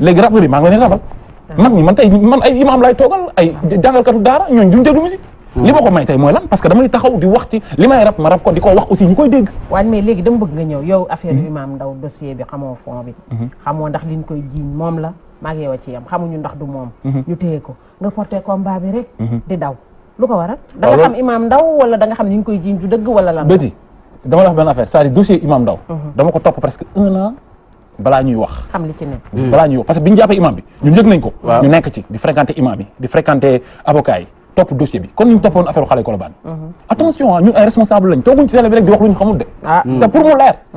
léegi rab yi maa ngi leen rabal. Hmm. ñi man tey man ay imam laay toogal ay jàngalkatu daara ñooñu duñ déglu musique. li ma ko may tey mooy lan parce que damay taxaw wax ci li may ma rap ko ko aussi ñu koy dégg. waaye mais dama bëgg nga ñëw yow affaire imam ndaw dossier bi xamoo fond bi. xamoo ndax liñ koy jiiñ moom la. maa ngi yow a ci yam xamuñu ndax du moom. Mhm. ñu téye ko nga porté combat bi rek. Mhm. di daw lu ko waral. Ah, da nga xam imaam ndaw wala da xam ni ngi koy jiiñ du dëgg wala lan. bëti dama la wax benn affaire c'est-à-dire mhm. ko topp presque un an balaa ñuy wax. xam li ci nekk. balaa ñuy wax parce que bi ñu jàppee imaam bi ñun yëg nañ ko. ñu nekk ci di fréquenter imaam yi di fréquenter avocat yi. topp dossier bi comme ni ñu toppoon affaire xale Colobane attention ah ñun ay responsable lañ tooguñ ci télé bi rek di wax lu ñu de ah. mm. te pour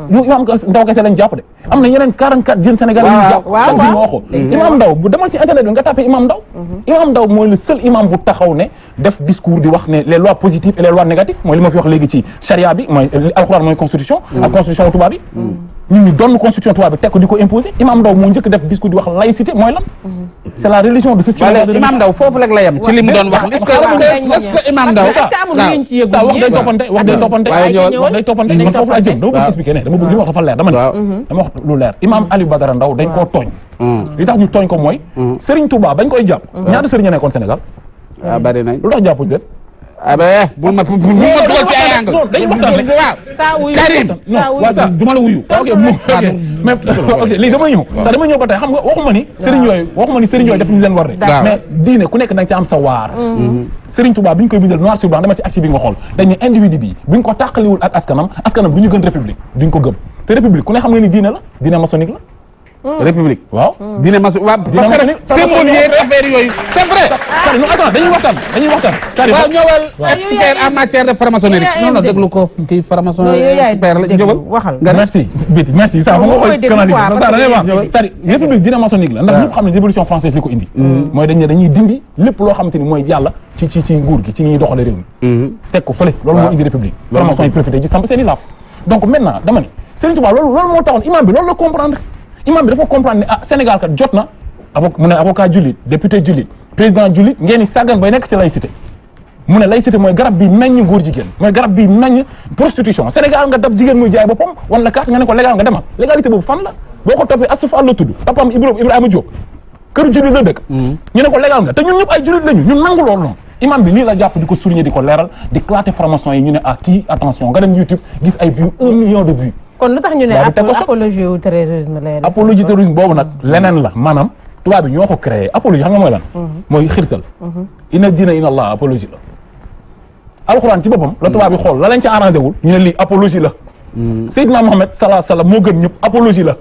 mu imam mm. ndaw kese lañ de am na yeneen quarante quatre jeunes sénégalais lañ imam ndaw bu demal ci internet nga tapé imam ndaw mm-hmm. imam ndaw mooy le imam bu taxaw ne def discours di wax ne les lois positives et les lois négatives mooy li ma fi wax léegi ci charia bi alxuraan mooy constitution mm. ak constitution tubaab bi ñun ñu doon constitution tubaab bi teg ko di ko imposer imam Ndaw moo njëkk def discours di wax laïcité mooy lan. Mhm. c' la religion de ce système. la mu doon wax. ne dama bëgg li ma wax dafa leer dama ne. Mhm. dama wax lu leer imam Aliou Badara Ndaw dañ koo tooñ. Mm. li tax ñu tooñ ko mooy. Mm. Serigne Touba bañ koy jàpp. Mm. ñaata Serigne ñu nekkoon Sénégal. waaw ah, abe ah, eh, bu ma bu ma dugal ci ay angle. waaw Karim. non du ma la wuyu. ok mais ok léegi dama ñëw. waaw dama ñëw ba tey xam nga waxuma ni. waaw sëriñ yooyu waxuma ni sëriñ yooyu def ñu leen war de. mais ku nekk da nga ci am sa waar. Mhm. Sëriñ Touba bi ñu koy bindal noir sur ci acte bi xool dañu individu bi ko ñu ko wul ak askanam askanam du ñu gën république duñ ko gëm te république ku ne xam nga ni diine la diine maçonnique la. Hmm. république waaw hmm. dina mas waaw parce que dañuy waxtaan dañuy waxtaan waaw république dina maçonnique la ndax ñëpp xam ne révolution française li ko indi hmm. mooy dañ dañuy dindi lépp loo xamante ni mooy yàlla ci ci ci nguur gi ci ñuy doxale réew mi teg ko fële loolu moo indi république franc-maçon ji samp seen laaf donc maintenant dama ne Serigne Touba loolu loolu moo taxoon imam bi loolu la comprendre imam bi dafa comprendre ne ah Sénégal kat jot na avoc mu ne avocat jullit député jullit président jullit ngeen di sàggan nekk ci laïcité mu ne mooy garab bi meññ góor jigéen mooy garab bi meññ prostitution Sénégal nga dab jigéen muy jaay boppam wan la carte nga ne ko légal nga demal légalité boobu fan la boo ko toppee astufal la tudd papam Ibrahima Diop kër jullit la dëkk mm. ñu ne ko légal nga te ñun ñëpp ay jullit lañu ñun nangu loolu noonu imam bi lii la kon lu tax ñu ne apologie wu terrorisme lay apologie terrorisme boobu nag leneen la maanaam tubaab bi ñoo ko créé apologie xam nga mooy lan mhm. mooy xirtal mhm. ina diina ina allah apologie la alxuraan ci boppam la tubaab bi mhm. xool la leen ci arrangé wul ñu ne lii apologie la Seydina Mohamed salaa salaam moo gën ñëpp apologie la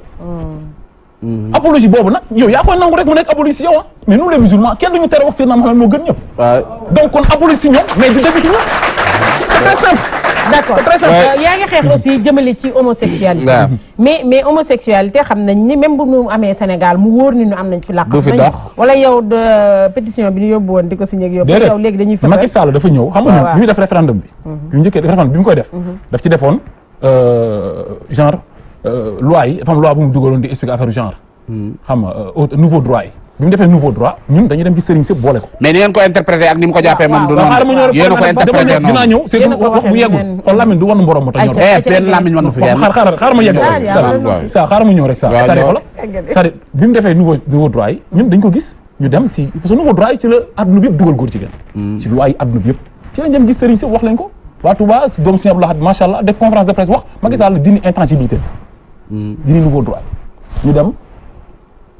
apologie boobu nag yow yaa koy nangu rek mu nekk apologie si yow ah mais nous les musulmans kenn tere wax Seydina Mohamed moo gën donc kon apologie d'accord yaa ngi xeex aussi jëmale ci homosexualité mais mais homosexualité xam nañ ni même bu ñu amee Sénégal mu woor ni ñu am nañ ci làq du fi dox wala yow de euh, pétition bi ñu yóbbu woon di ko signé ak yow yow léegi dañuy fa Macky Sall dafa ñëw xam nga bi muy def référendum bi mhm. bi mu njëkkee référendum bi mu koy def mhm. daf ci defoon euh, genre euh, loi yi dafa am loi bu mu dugaloon di expliquer affaire genre mhm. xam nga nouveau droit yi bi mu defee nouveau droit ñun dañuy dem ci sëriñ si boole ko. mais ni ngeen ko interprété ak ni mu ko jàppee moom du noonu. yéen a ko interprété noonu dinaa ñëw c'est wax bu yeggul xool Lamine du wan mborom moo tax ñor. eh benn Lamine wan na fi dem xaaral xaaral ma yegg rek saa xaaral ma ñëw rek saa c'est-à-dire xoolal c'est-à-dire bi mu defee nouveau nouveau droit yi ñun dañ ko gis ñu dem si parce que nouveau droit yi ci la adduna bi yëpp dugal góor jigéen hmm. ci loi yi adduna bi yëpp ci lañ dem gis sëriñ si wax lañ ko waa Touba si doom Serigne Abdou Lahad macha allah def conférence de presse wax Macky Sall dindi intangibilité hmm. dindi nouveau droit ñu dem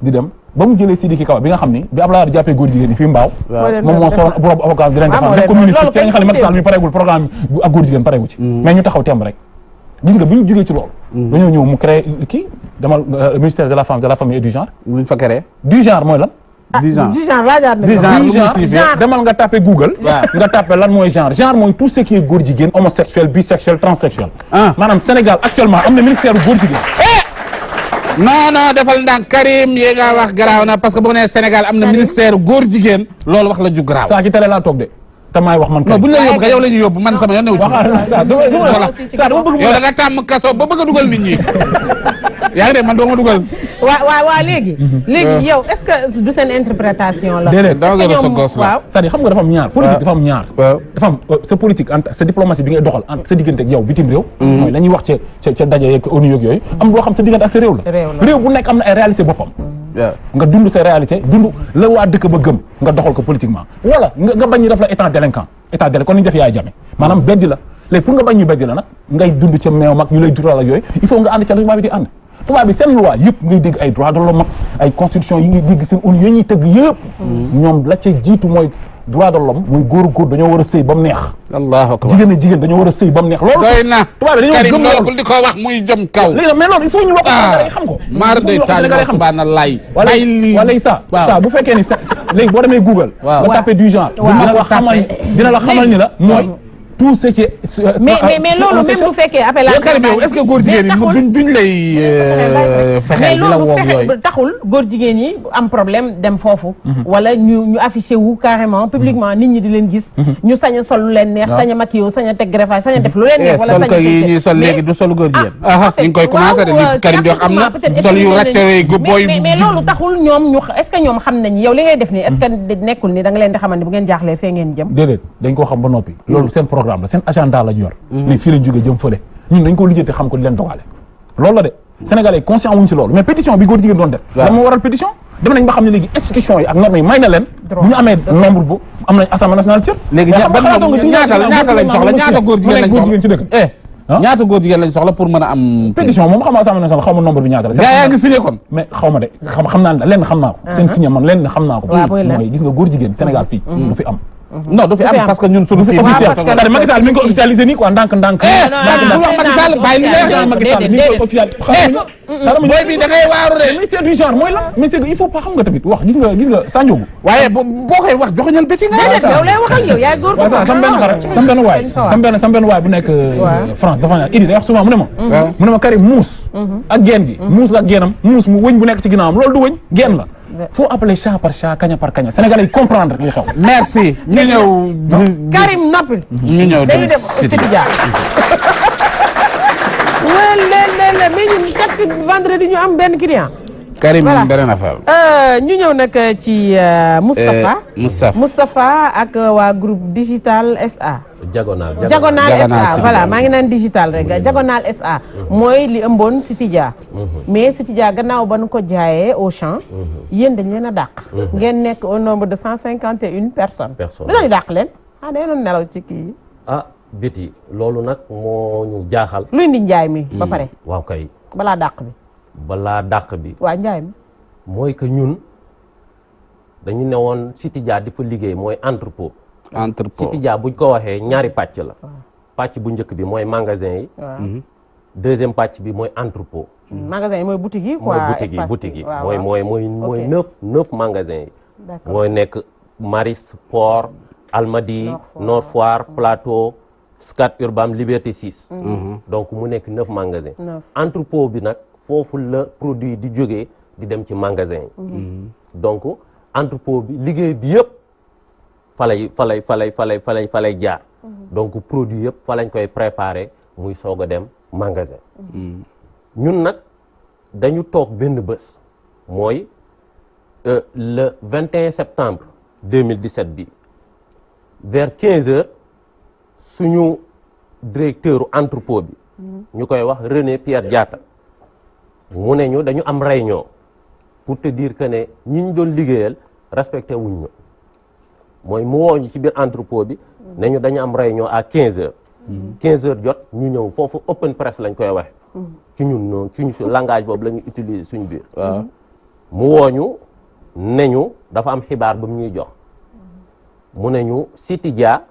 di dem ba mu jëlee Sidiki Kaba bi nga xam ni bi Abdoulaye Wade jàppee góor jigéen Mbaaw moom moo bu rob avocat ne communiste ci nga xam ne Macky Sall mi pareegul programme bi ak góor jigéen pareegu ci mm. mais ñu taxaw temb rek gis mm. euh, de la femme de la famille et du genre mooy lan ah, du genre du genre demal nga tapé Google nga tapé lan mooy genre genre mooy tout ce qui homosexuel bisexuel transsexuel ah. maanaam Sénégal actuellement am na ministère bu non non defal ndànk Karim yee wax garaaw na parce que boo nee Sénégal am na ministère góor jigéen loolu wax la ju garaaw. saa ci télé laa toog de. tamaay wax man. non bu ñu la yóbbu ka yow la ñuy man sama yoon newu yow da nga a dugal nit ñi yaa ngi dégg man ma dugal. waaw waaw waaw léegi. Mhm. léegi euh. yow est-ce que du seen interprétation la. déedéet da nga sa ñaar politique dafa am ñaar. dafa am euh, sa politique en sa diplomatie bi nga doxal en sa diggante yow bitim réew. Mhm. mooy la ñuy wax ca ca daje yeeg ONU yeeg yooyu. am loo xam sa diggante ak sa réew la. réew bu nekk am na ay réalité boppam Euh, nga dund sa réalité dund la waa dëkk ba gëm nga doxal ko politiquement wala nga bañ ñu def la état délinquant état délinquant ni def yaay jame maanaam beddi la léegi pour nga bañ ñu beddi la nag ngay dund ca meew mag ñu lay dural ak yooyu il faut nga ànd ca tubaab bi di ànd tubaab bi seen loi yëpp ngay dégg ay droit de l'homme ay constitution yi ngay dégg seen ONU yi ñuy tëgg yëpp mm. ñoom la ca jiitu mooy droit de l'homme muy góor góor dañoo war a sëy ba mu neex allahu akbar jigéen jigéen dañoo war a sëy ba mu neex loolu doy na tubaab bi dañoo gëm loolu di ko wax muy jëm kaw léegi nag mais loolu il faut ñu wax ah. Sénégalais yi xam ko maar day taal wax subhaana laay ay lii wala sa sa bu fekkee ni léegi boo demee Google nga tapé du genre dina la xamal dina la xamal ni la mooy tout ce qui. Euh, mais ah, mais mais loolu même bu fekkee appellation. est ce que ñi duñ duñ euh, taxul góor jigéen am problème dem foofu. Mhm. wala ñu ñu wu carrément publiquement mhm. nit ñi di leen gis. Mhm. ñu sañ a sol leen neex sañ a maquillé sañ a teg def lu leen eh, neex. wala sol ko yi sol léegi du sol góor ah, jigéen. ah ñu ngi koy commencé de li Karim di sol yu racté gu booy. mais loolu taxul ñoom ñu est ce que ñoom xam nañ yow li ngay def nii. est ce que nekkul ni da nga leen di xamante bu ngeen jaaxlee fee ngeen jëm. déedéet dañ ko xam ba noppi programme la seen agenda lañ a mais fii lañ jógee jëm fële ñun dañ ko lijjanti xam ko leen dogaale loolu la de sénégalais yi conscient wuñ ci loolu mais pétition bi góor jigéen doon def dama waral pétition dem nañ ba xam a naa ko seen uh-huh. signé man lenn xam naa ko gis nga góor jigéen Sénégal fii uh-huh. du fi am Mhm. non du fi am parce que ñun sunu kii Macky Sall mi ngi ko officialisé nii quoi ndànk ndànk bu wax Macky Sall bàyyi wax eh, mm, mm, booy bi da la ministère il faut nekk euh, ma mm-hmm. mu ma Karim muus mm-hmm. ak geen gi mm-hmm. muus ak geenam muus mu wëñ bu nekk ci ginnaawam lool du wëñ geen la faut appeler chat par chat kaña par kaña sénégalais yi comprendre li xew. merci ñu ñëw. Karim noppil. ñu ñëw dem Sidi Dia. wala [LAUGHS] léeg-léeg mais ñun chaque vendredi ñu am benn client. Karim Mberena Fall euh, ñu ñëw nag euh, ci euh, Moustapha Moustapha Moustapha ak waa groupe digital SA Diagonal Diagonal SA voilà maa ngi naan digital rek Diagonal SA mhm. mooy li ëmboon Sitidia mhm. mais si Sitidia gannaaw ba nu ko jaayee au champ mhm. yéen dañ leen a dàq ngeen nekk au nombre de cent cinquante une personnes lu nañu dàq leen ah day doon nelaw ci kii ah biti loolu nag moo ñu jaaxal luy ndi njaay mi ba hmm. pare waaw kay balaa dàq bi bala dàq bi. waa mooy que ñun dañu ne woon Sitidia di fa liggéey mooy entrepôt. entrepôt jaar buñ ko waxee ñaari pàcc la. pàcc bu njëkk bi mooy magasin yi. Mhm. deuxième pàcc bi mooy entrepôt. Mhm. magasin yi mooy boutique yi. mooy mooy mooy mooy neuf magasin mooy nekk Maris Port Almadi Nord Foire Plateau. Scat Urbam Liberté 6. Mhm. donc mu nekk neuf magasin entrepôt bi nag. foofu la produit di jógee di dem ci magasin yi mhm. donc entrepôt bi liggéey bi yëpp falay falay falay falay falay falay jaar mhm. donc produit yëpp fa lañ koy préparer muy soog a dem magasin mhm. ñun nag dañu toog benn bés mooy euh, le 21 septembre 2017 bi vers 15 heures suñu directeur entrepôt bi ñu koy wax René Pierre Diatta mu ne ñu dañu am ñoo pour te dire que ne ñi ñu doon liggéeyal respecté wuñ mooy mu woo ci biir entrepôt bi ne ñu dañu am réunion à 15 heures. 15 jot ñu ñëw foofu open press lañ koy waxe ci ñun noonu ci ñu langage boobu la ñu utiliser suñ biir. mu woo ñu ne ñu dafa am xibaar ba mu ñuy jox. mu ne ñu Citydia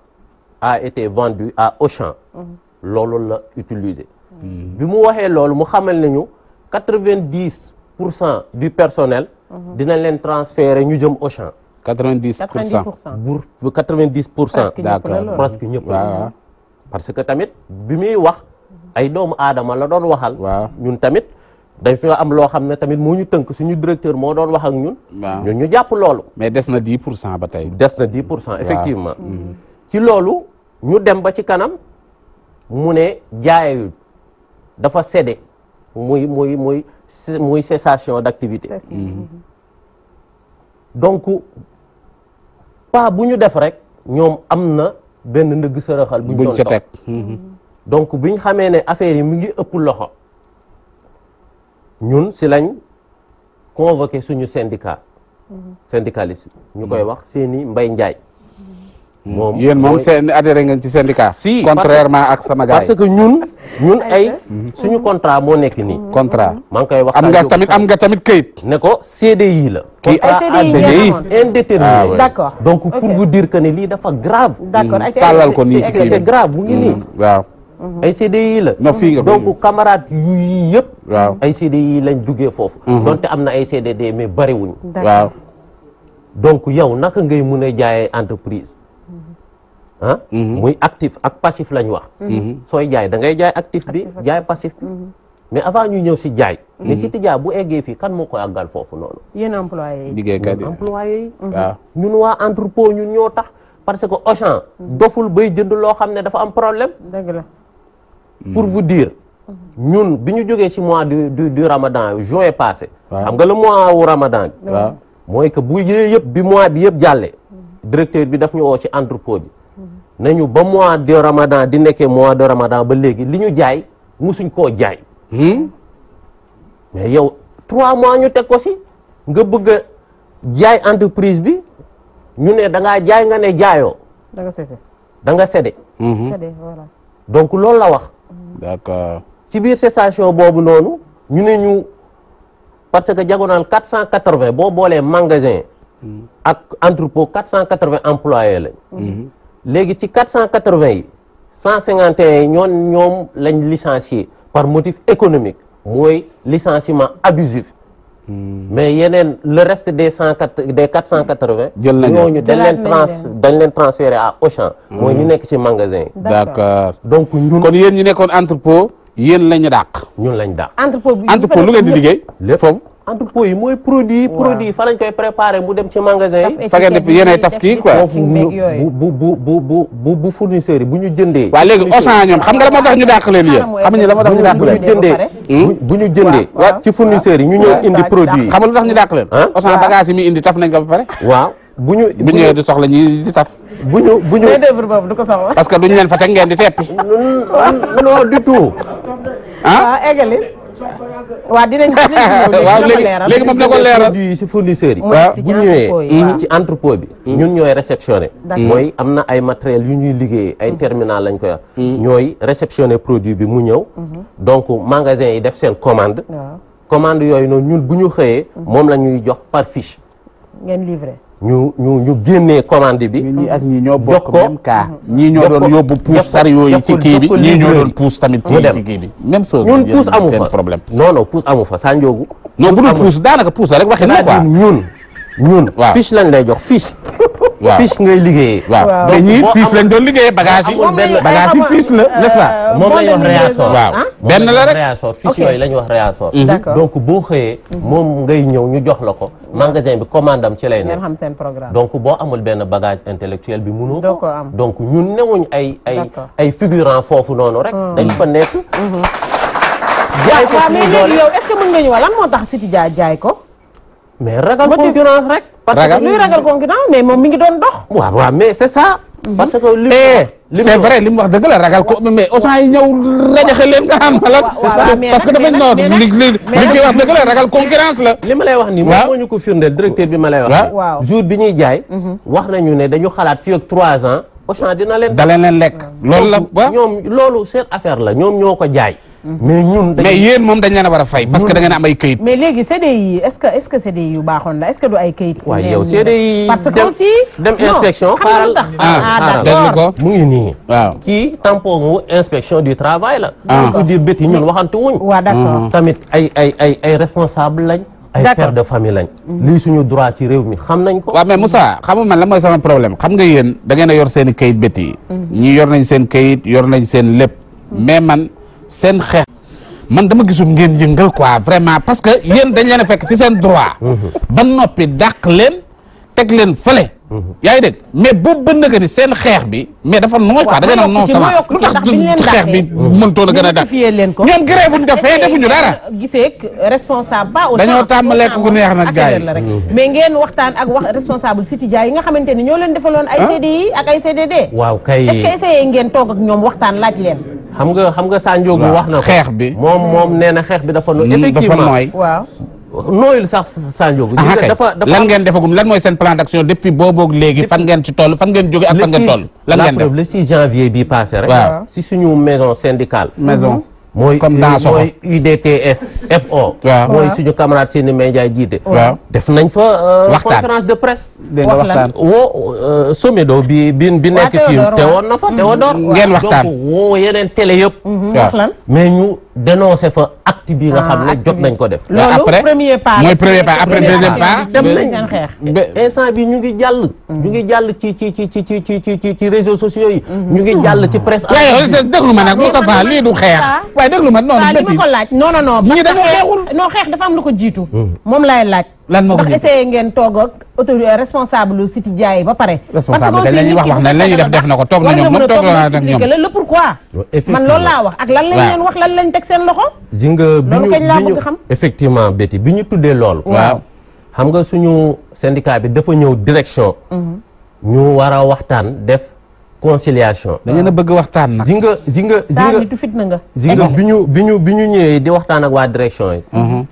a été vendu à Auchan. Mm-hmm. loolu la utiliser. Mm-hmm. bi mu waxee loolu mu xamal nañu quatre-vingt-dix pour cent du personnel. Mhm. dinañ leen transférer ñu jëm Auchan. quatre-vingt-dix pour cent pour quatre-vingt-dix pour cent. d'accord presque ñëpp la parce que tamit bi muy wax ay doomu aadama la doon waxal. waaw ñun tamit dañu am loo xam ne tamit moo ñu tënk suñu directeur moo doon wax ak ñun. ñun ñu jàpp loolu. mais des na dix pour cent ba tey. des na dix pour cent effectivement. Mhm. ci loolu ñu dem ba ci kanam mu ne jaayayul dafa sédde. muy muy muy muy cessation d'activité mhm. donc pas bu ñu def rek ñoom am na benn ndëgg sërëxal bu ñu ca teg mhm. donc biñ xamee ne affaire yi mu ngi ëpp loxo ñun si lañ convoqué suñu syndicat mhm. syndicaliste ñu koy wax seeni mbay njaay moom yéen moom seen adhéré ngeen ci syndicat. si contrairement ak sama gars yi parce que ñun. ñun ay suñu contrat moo nekk nii. Mm-hmm. contrat maa ngi koy wax. am nga tamit am nga tamit këyit. ne ko CDI la. kii ak ah, ah, CDI ah, donc pour vous dire que ne lii dafa grave. d'accord mm-hmm. ay tàllal ko nii ci kii c'est grave nii. Mm-hmm. waaw. ay CDI la. na camarade yu yii yëpp. waaw ay CDI lañ jugee foofu. donte am na ay CDD mais bariwuñu. waaw donc yow naka ngay mën a entreprise. ah mm-hmm. muy actif ak passif lañ wax mm-hmm. Mm-hmm. sooy jaay da ngay jaay actif bi jaay passif bi mais avant ñu ñëw si jaay mais si ti tijaay bu eggee fii kan moo koy gal foofu noonu yéen employé yi liggéeykat yi employé yi ah. ñun waa entrepôt ñun ñoo tax parce que Auchan doful bay jënd loo xam ne dafa am problème dëgg la pour vous dire ñun bi ñu jógee si mois du du du ramadan juin passé xam nga la mois wu ramadan bi mooy que bu yëpp bi mois bi yëpp jàllee directeur bi daf ñu woo ci entrepôt bi nañu ba mois de ramadan di nekkee mois de ramadan ba léegi li ñu jaay suñ koo jaay hmm? mais yow trois mois ñu teg ko si nga bëgg jaay entreprise bi ñu ne da ngaa jaay nga ne jaayoo da nga da nga sede hmm? voilà donc loolu la wax d'accord si biir cessation boobu noonu ñu ne ñu parce que Diagonale quatre cent quatre-vingts boo boolee magasin hmm. ak entrepôt quatre cent quatre-vingts employés léegi ci 480 yi 151 yi ñoon ñoom lañ licencié par motif économique mooy licenciement abusif hmm. mais yeneen le reste des cent quatre des quatre cent quatre vingt. Hmm. jël nañu ñooñu dañ leen trans dañ leen transféré à Auchan. Hmm. mooy ñu nekk si magasin yi. d'accord donc ñun. kon yéen ñu nekkoon entrepôt yéen lañu dàq. ñun lañ dàq. entrepôt bi entrepôt liggéey. lépp foofu. entrepôt yi mooy produit. produit fa lañ koy préparé mu dem ci magasin yi. fa ngeen di taf kii quoi. bu bu yi bu ñu jëndee. waaw léegi Auchan ñoom xam nga la moo tax ñu dàq leen yéen. xam nga la moo tax ñu dàq leen bu ñu jëndee. Hmm? bu ñu jëndee. ci fournisseur yi ñu ñëw indi produit yi. xam nga tax ñu dàq leen. Auchan bagage yi muy indi taf nañ ko ba pare. bu ñu bu di soxla ñi di taf. bu ñu parce que duñ leen fa teg ngeen di teppi. non du tout. ah waaw dinañ [LAUGHS] waaw léegi léegi moom na ko leeral produit si fournisseurs yi waaw bu ñëwee mmh. ci entrepôt bi mmh. ñun ñooy réceptionné mooy am na ay matériel yu ñuy liggéeyee ay mmh. terminal lañ koy wax ñooy réceptionné produit bi mu ñëw donc magasin yi def seen commande commande yooyu noonu ñun bu ñu xëyee moom la ñuy jox par fiche ngeen livré ñu ñu ñu génnee commande bi. ñii ak ñii ñoo bokk même cas. ñii ñoo doon yóbbu puus sario yi ci kii bi ñii ñoo doon puus tamit. mu dem ci kii bi même chose. ñun puus amu fa seen problème. non non puus amu fa saa njóogu. non bu dul puus daanaka puus la rek waxi na quoi ñun. ñun fiche lañ lay jox fiche waaw ngay liggéeyee. waaw mais ñii fiche lañ doon liggéeyee bagage la n'est-ce euh, moom la ñu wax réassort ah? benn la rek réassort fiche yooyu la ñu wax réassort. Mhm. donc boo xëyee. Mhm. moom ngay ñëw ñu jox la ko. Mhm. magasin bi commande ci lay nekk. xam seen programme donc boo amul benn bagage intellectuel bi mënoo ko. donc ñun newuñ ay ay ay foofu noonu rek. dañ fa nekk. jaay ko suñu doole waaw que mën nga ñu wax moo tax Siti Dia jaay ko. mais ragal concurrence rek. parce que luy ragal concurrence mais moom mi ngi doon dox. waaw mais c' ça. Mhm. parce que li mu eh, wax dëgg ragal ko mais autant yi ñëw rajaxe leen nga xam la parce la ragal concurrence la li ma lay wax ni moom moo ñu ko directeur bi ma lay wax jour bi ñuy jaay mhm. wax nañu ne dañu xalaat fii trois ans Auchan dina leen da leen lekk mm. loolu la ñoom loolu seen affaire la ñoom ñoo ko jaay mais ñun moom dañ leen a war a fay parce que da ngeen am ay këyit. mais léegi CDI yi est ce que est ce que CDI yu baaxoon la est ce que du ay këyit. waaye yow tamit ay ay ay lañ. ay père de famille lañ. Mm-hmm. lii suñu droit ci réew mi xam nañ ko. waaw mais Moussa xamuma man la mooy sama problème xam nga yéen da ngeen a yor seen i këyit bétti. Mm-hmm. ñii yor nañ seen këyit yor nañ seen lépp mm-hmm. mais seen xeex man dama gisul ngeen yëngal quoi vraiment parce que yéen dañ leen a fekk ci seen droit mhm. ba noppi dàq leen teg leen fële mhm. yaa ngi mais boobu ba nëgë ni seen xeex bi mais dafa nooy quoi da nga naan non sama lu tax xeex bi mëntoon a gën a dal ñoom grève buñ defee defuñu dara gisee responsable ba dañoo tàmm lekk gu neex nag gars yi mhm. mais ngeen waxtaan ak wax responsable Citydia yi nga xamante ñoo leen defaloon ay ah? CDI ak ay CDD waaw kay ngeen toog ñoom waxtaan laaj leen xam nga xam nga Sanjoogu wax na ko xeex bi moom moom nee na xeex bi dafa nooy effectivement dafa nooy waaw nooyul sax Sanjoogu ah, dafa dafa lan ngeen defagum lan mooy seen plan d'action depuis booboog léegi fan ngeen ci toll fan ngeen jóge ak fan ngeen tool lan ngeen def le 6 janvier bi passé rek si suñu maison syndicale maison mhm. mooy comme Dansokho mooy UDTS FO. waaw mooy suñu camarade Sini Mbaye Ndiaye jiite. waaw def nañ fa. Euh, waxtaan conférence de presse. dégg nga waxtaan woo euh, Somedo bi bi bi nekk fii. te woon na fa Théodore. ngeen waxtaan donc woo yeneen télé yëpp. Mhm. mais ñu. dénoncé fa acte bi nga ah, xam ne jot nañ ko def. mais après premier pas mooy premier pas après deuxième pas. dem nañ instant bi ñu ngi jàll. ñu ngi jàll ci ci ci ci ci ci ci ci réseaux sociaux yi. Mhm. ñu ngi jàll ci presse. waaye déglu ma nag ah, Moustapha lii du xeex. waaye déglu ma noonu. waaw li ma ko laaj non non non. ñii dañoo xeexul non xeex dafa am lu ko jiitu. Hmm. moom laay laaj. lan moo ndax essayé ngeen toog ak autorité si siti jaay ba pare. responsable dañ leen wax wax na la ñuy def def na ko toog na ñoom toog na ñoom la pourquoi man loolu laa wax ak lan lañ leen wax lan lañ teg seen loxo ji nga bi ñu xam effectivement béti bi ñu tuddee loolu waaw xam nga suñu syndicat bi dafa ñëw direction mhm. ñu war a waxtaan def conciliation da ngeen a bëgg waxtaan nag ji nga ji nga fitna nga ji ñu bi ñu bi ñu ñëwee di waxtaan ak waa direction yi mhm.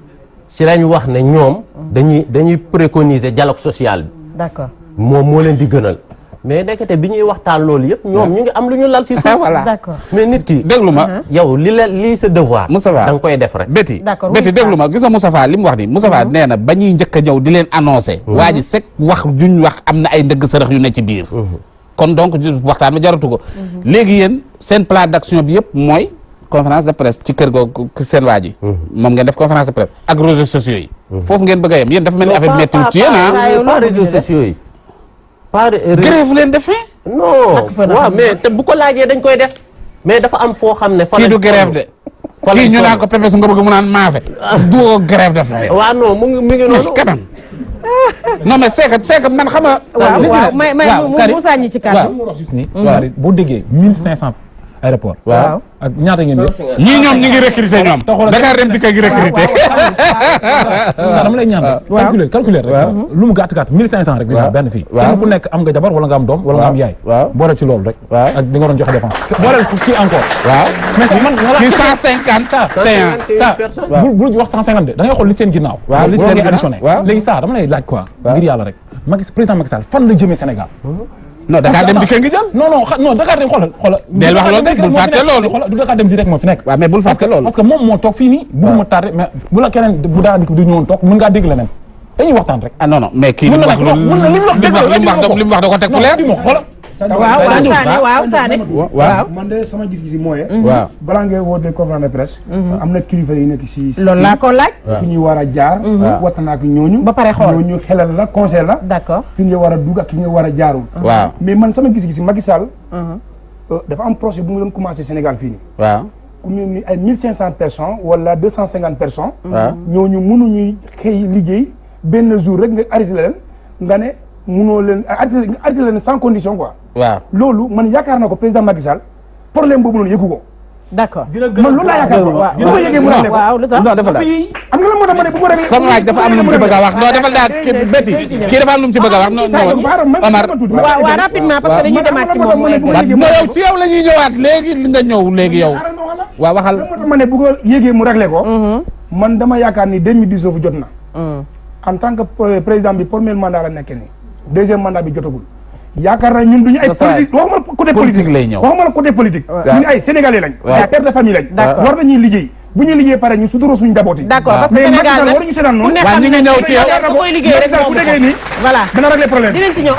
si lañ wax ne ñoom. dañuy dañuy préconiser dialogue social bi. d'accord moom moo leen di gënal. mais ndekete bi ñuy waxtaan loolu yëpp. ñoom ñu ngi am lu ñu lal si suuf. [LAUGHS] voilà d'accord mais nit ki. déglu ma mhm. yow li la lii sa devoir. Moustapha da nga koy def rek. béti béti ma gis nga Moustapha li mu wax nii. Moustapha mhm. nee na ba ñuy njëkk a ñëw di leen annoncé. Mhm. waa ji sek wax juñ wax am na ay ndëgg sërëx yu ne ci biir. kon donc waxtaan bi jaratu ko. léegi yéen seen plan d'action bi yëpp mooy. conférence de presse ci kër googu seen waa ji mhm. moom ngeen def conférence de presse ak réseaux sociaux yi mhm. foofu ngeen bëgg a yem yéen dafa mel ni affaire méttiwul ci ah. grève leen defee non te bu ko laajee dañ koy def mais dafa am foo xam ne kii du grève de kii ñu naan ko pepe su nga bëgg mu naan maafe [LAUGHS] du grève de fay waaw non mu ngi mu [LAUGHS] aéroport. waaw ak ñaata ngeen di. ñii ñoom ñu ngi recruter ah, ñoom. Dakar dem di a ngi recruter. [LAUGHS] dama lay ñaan rek. waaw ah. calculer ah. lu mu gàtt gàtt 1500 rek. waaw benn fii. kenn ku nekk am nga jabar wala nga am doom wala nga am yaay. waaw ci loolu rek. ak di nga jox joxe dépense. boole kii encore. waaw mais man. bu bu wax 150 de da ngay xool li seen ginnaaw. waaw li seen ginnaaw léegi ça dama lay laaj quoi. ngir yàlla rek Macky président Macky Sall fan la jëmee Sénégal non dem dikk ngi jël. non non non dem xoolal del wax loolu bul fàtte loolu du Dakar dem di rek moo fi nekk. waaw bul fàtte loolu. parce que moom moo toog fii nii. waaw bugguma tardé mais bu keneen bu daa dikk du ñëwoon toog mën ngaa dégg leneen. dañuy waxtaan rek. ah non non mais kii wax li mu wax li wax da ko teg fu waaw waaw waaw waaw man de sama gis-gisi mooy. Mhm. waaw balaa ngay woote conférence de presse. Mhm. am na kilifa yi nekk si. loolu laa ko laaj. fi ñuy war a jaar. Mhm. waxtaan ak ñooñu. ba pare xool ñooñu xelal la conseil la. d'accord fi war a dugg ak fi nga war a jaarul. waaw mais man sama gis-gisi Macky Sall. Euh, dafa am projet bu mu doon commencé Sénégal fii nii. waaw ku ñu ni ay mille cinq cent personnes wala deux cent cinquante personnes. waaw ñooñu mënuñuy xëy liggéey benn jour rek nga arrêté leen nga ne mënoo leen arrêté leen sans condition quoi. waaw loolu man yaakaar na ko président Macky Sall problème boobu noonu yëgu ko. d' accord man loolu laa yaakaar ko waaw dina ko yëgee mu réglé ko waaw non defal daal am nga lan moo tax ma ne bu ma mu ci bëgg a wax a ma yaakaar ni 2019 jot na mm-hmm. en tant que euh, président bi premier mandat la nekkee ni deuxième mandat bi jotagul yaakaar naa ñun duñu ay politique waxuma côté politique lay ñëw waxuma la côté politique ñun ay sénégalais lañ ay père de famille lañ war nañuy liggéey bu ñu liggéey pare ñu suturo suñu njaboot yi d'accord parce que Sénégal nag war ñu seetaan noonu waaw ñu ngi ñëw ci yow ku voilà dina régler problème dinañ ci ñëw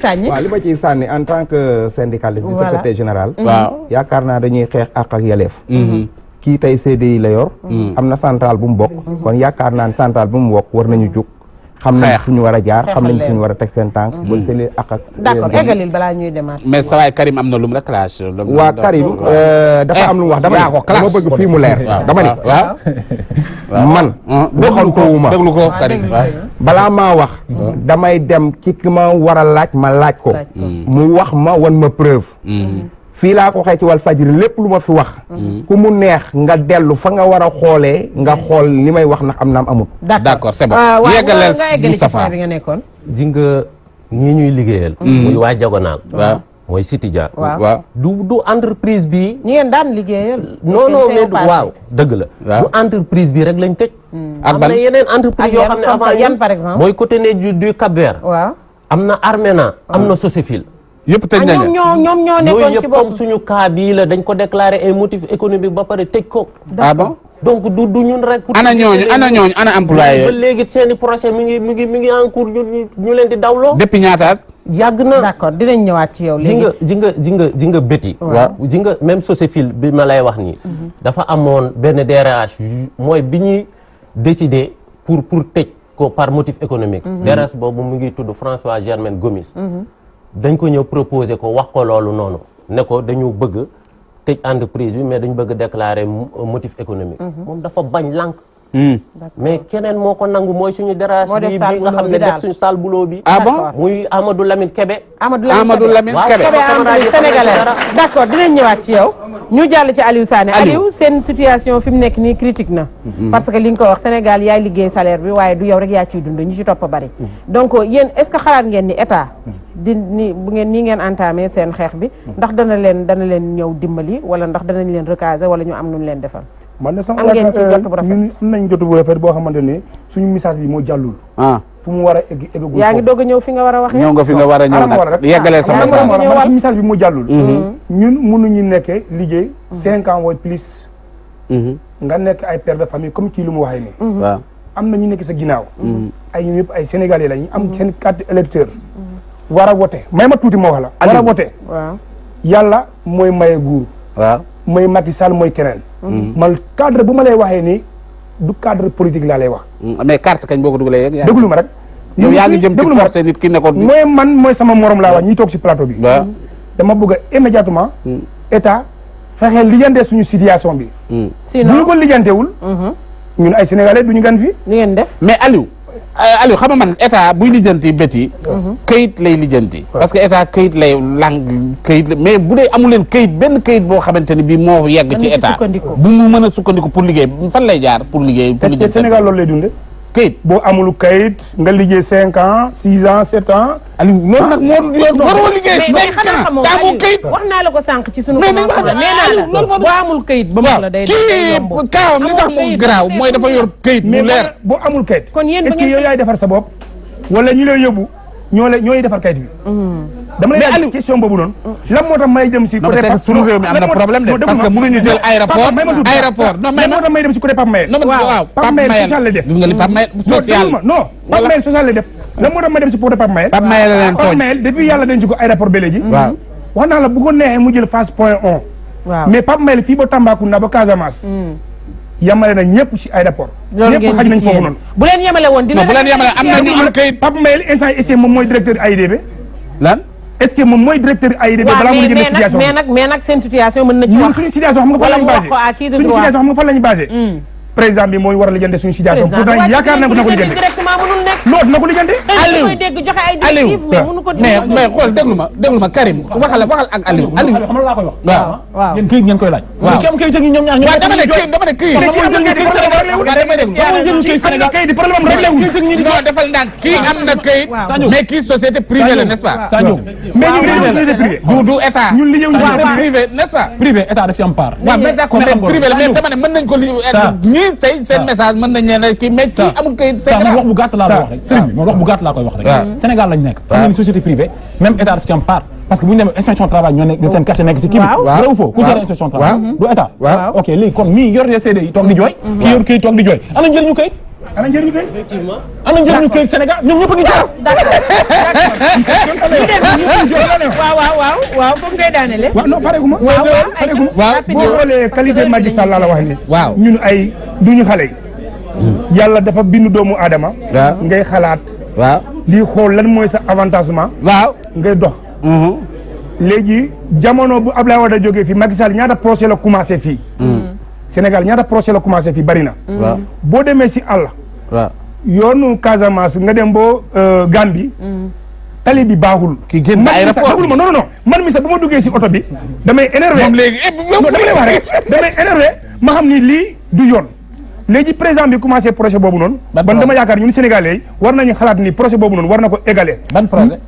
sànni li ma ciy sànni en tant que syndicaliste di secrétaire général mhm. waaw yaakaar naa dañuy xeex ak ak yeleef mhm. kii tey CDI la yor mhm. am na centrale bu mu bokk kon yaakaar naan centrale bu mu bokk war nañu jug xam nañ fu ñu war a jaar xam nañ fu ñu war a teg seen tànk mm-hmm. ba seli ak balaa ñuy dem mais sa waay am na lu mu la waa Karim euh, dafa am lu mu wax dama eh, ko bëgg fii mu leer dama ni waaw [LAUGHS] man déglu ko wuma déglu ko Karim balaa maa wax mm-hmm. damay dem ci ki ma war laaj ma laaj ko mm-hmm. mu wax ma wan ma preuve fii laa ko waxee ci Walfadjri lépp lu ma fi wax. Mm-hmm. ku mu neex nga dellu fa nga war a xoolee nga mm-hmm. xool ni may wax ndax am na amut. d'accord c'est bon ah, yeggaleel Moustapha bi nga nekkoon. zi nga ñii ñuy liggéeyal. Mm-hmm. muy waa Diagonal. waaw mooy Citia. waaw du du entreprise bi. ñu ngeen daan liggéeyal. non waaw dëgg la. du entreprise bi rek lañ tëj. Mm. ak ban am na yeneen entreprise yoo xam ne avant yan par exemple. mooy côté ne du Cap-Vert. waaw am na Armena am na ah. Sosefil. yëpp tëj ah, nañ ñoom ñoo ñoom ñoo nekkoon ci boppam suñu cas bii la dañ ko déclaré ay motif économique ba pare tëj ko. ah bon donc du du ñun rek. ana ñooñu ana ñooñu ana employé yooyu ba léegi seen i procès mi ngi mi ngi mi ngi en cours ñu ñu leen di dawloo. depuis ñaata at. yàgg na d'accord dinañ ñëwaat ci yow. léegi ji nga ji nga ji nga bëti. waaw ji nga même Sosefil bi ma lay wax nii. Mhm. dafa amoon benn DRH mooy bi ñuy décider pour pour tëj ko par motif économique. Mhm. DRH boobu mu ngi tudd François Germaine Gomis. Mhm. dañ ko ñëw proposer ko wax ko loolu noonu ne ko dañu bëgg tëj entreprise bi mais dañu bëgg déclarer motif économique mhm. moom dafa bañ lànk Hmm. mais keneen moo ko nangu mooy suñu dérage bi bi nga xam ne def suñu sal boulot bi ah bon muy Amadou Lamine Kébé Amadou Lamine Kébé sénégalais d'accord dinañ ñëwaat ci yow ñu jàll ci Aliou Sané Aliou seen situation fi mu nekk nii critique na mhm. parce que li nga ko wax Sénégal yaay liggéey salaire bi waaye du yow rek yaa ciy dund ñu ci topp bari mhm. donc yéen est-ce que xalaat ngeen ni état mhm. di ni bu ngeen nii ngeen entamé seen xeex bi ndax dana leen dana leen ñëw dimbali wala ndax danañ leen recaser wala ñu am nuñ leen defal man de sama euh, ñun am nañ jotu bu rafet boo xamante ne suñu message bi moo jàllul ah fu mu yaa ngi doog ñëw fi nga war a wax ñëw nga fi nga war a ñëw nag yeggalee ah, sa message message bi moo jàllul mhm. Mhm. ñun mënuñu nekkee liggéey mhm. cinq plus nga nekk ay père de famille comme ci lu mu waxee nii am na ñu nekk sa ginnaaw ay ñu yëpp ay sénégalais lañu am seen carte électeur war a wote may ma tuuti ma wax la war a wote yàlla mooy maye guur waaw mooy Macky Sall mooy keneen. Mm-hmm. man cadre bu ma lay waxee nii du cadre politique laa lay wax. Mm-hmm. mais carte kañ boo ko dugalee yegg. déglu ma rek. yow yaa ngi jëm ci forcé nit ki mooy man mooy sama morom laa wax ñi toog si plateau bi. Mm-hmm. dama bëgg a immédiatement. état fexe lijjante suñu situation bi. sinon bu ñu ko lijjantewul. ñun ay sénégalais du ñu gan fi. ngeen def mais Aliou. Euh, Aliou xam nga man buy lijjanti bét yi mhm. këyit lay lijjanti parce que état këyit lay lang këyit la mais bu dee amu leen këyit benn këyit boo xamante ni bii moo yegg ci état bu mu mën a sukkandiku pour liggéey fan lay jaar pour liggéey pour liggéey Sénégal loolu lay dundee kayit boo amul kayit nga liggéey cinq ans six ans sept ans. Aliou loolu nag moo du yoon waroo liggéey. cinq ans taamu kayit wax naa la ko sànq ci sunu. mais boo amul kayit ba mu la day day yomb kii kaawam li tax mu garaaw mooy dafa yor kayit. bu leer mais boo amul kayit. kon yéen ba ngeen est-ce que yow yaay defar sa bopp wala ñu lay yóbbu. ñoo lay ñooy defar kayit bi. Mm-hmm. dama lay laaj question boobu noonu. lan moo tax may dem si côté. parce que sunu réew mi na moo tax may dem si côté Pape Mayel. waaw Mayel social la def. la moo tax may dem si côté Pape Mayel. Pape Mayel depuis yàlla denc ko aéroport ba léegi. la bu neexee mu jël phase point 1. mais Pape Mayel fii ba Tambacounda ba Casamance. Mm. yamale na ñëpp ci aéroport. loolu ngeen xaj nañ bu leen yamale woon dina leen yamale am na ñu am kayit. Pape Mayel instant est-ce directeur AIBD. lan est-ce que moom mooy directeur AIBD. balaa muy jëlee situation mais nag mais nag seen situation mën na ci wax. suñu situation xam nga fan la ñu ah, situation xam nga fan la ñu hmm. situation. pourtant yaakaar naa na ko lijjanti maa mënul nekk. loolu xool déglu Karim waxal waxal ak Aliou. Aliou xam nga laa koy wax. kayit ak kayit mais kii société privée la n'est-ce état. ñun li ñëw ko li ñii tey seen message mën nañ kii mais kii amul kayit gàtt laa koy wax rek sëriñ bi ah. moom wax bu gàtt laa koy wax rek ah. Sénégal lañ nekk am nañu société privée même état daf ci am part parce que bu ñu demee inspection travail ñoo nekk seen cachet nekk si kii bi réew foofu ku jëlee inspection travail du état ok léegi kon mii yor CD yi toog di jooy kii mm-hmm. yor këyit toog di jooy ana njëriñu këyit ana njëriñu këyit effectivement ana njëriñu këyit Sénégal ñoom ñëpp a ngi jooy ah, waaw waaw waaw waaw comme ngay daanelee waaw non pare gu ma pare gu ma boo xoolee qualité Macky Sall la wax ni ñun ay duñu xale yi Hmm. yàlla dafa bindu doomu aadama ngay xalaat waaw lii xool lan mooy sa avantagement waaw ngay dox hmm. léegi jamono bu Ablaye Wade jógee fii Macky Sall ñaata procès la commencé fii hmm. Sénégal ñaata procès la commencé fii bari na boo demee si àll yoonu Casamance nga dem boo euh, Gambie tali bi baaxul. ki génn aéroport bi man non non man mi sax bu ma duggee si oto bi. damay énervé moom eh, ma xam ni lii du yoon. léegi président bi commencé projet boobu noonu ban dama yaakaar ñun sénégalais yi war nañu xalaat ni projet boobu noonu war na ko égaler ban projet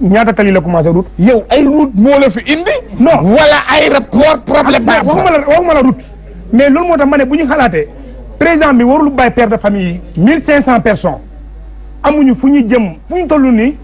ñaata tali la commencé route yow ay route moo la fi indi non wala aéroport problème waxuma la waxuma la route mais loolu moo tax ma ne bu ñu xalaatee président bi warul bàyyi père de famille yi mille cinq cent personnes amuñu fu ñu jëm fu ñu toll nii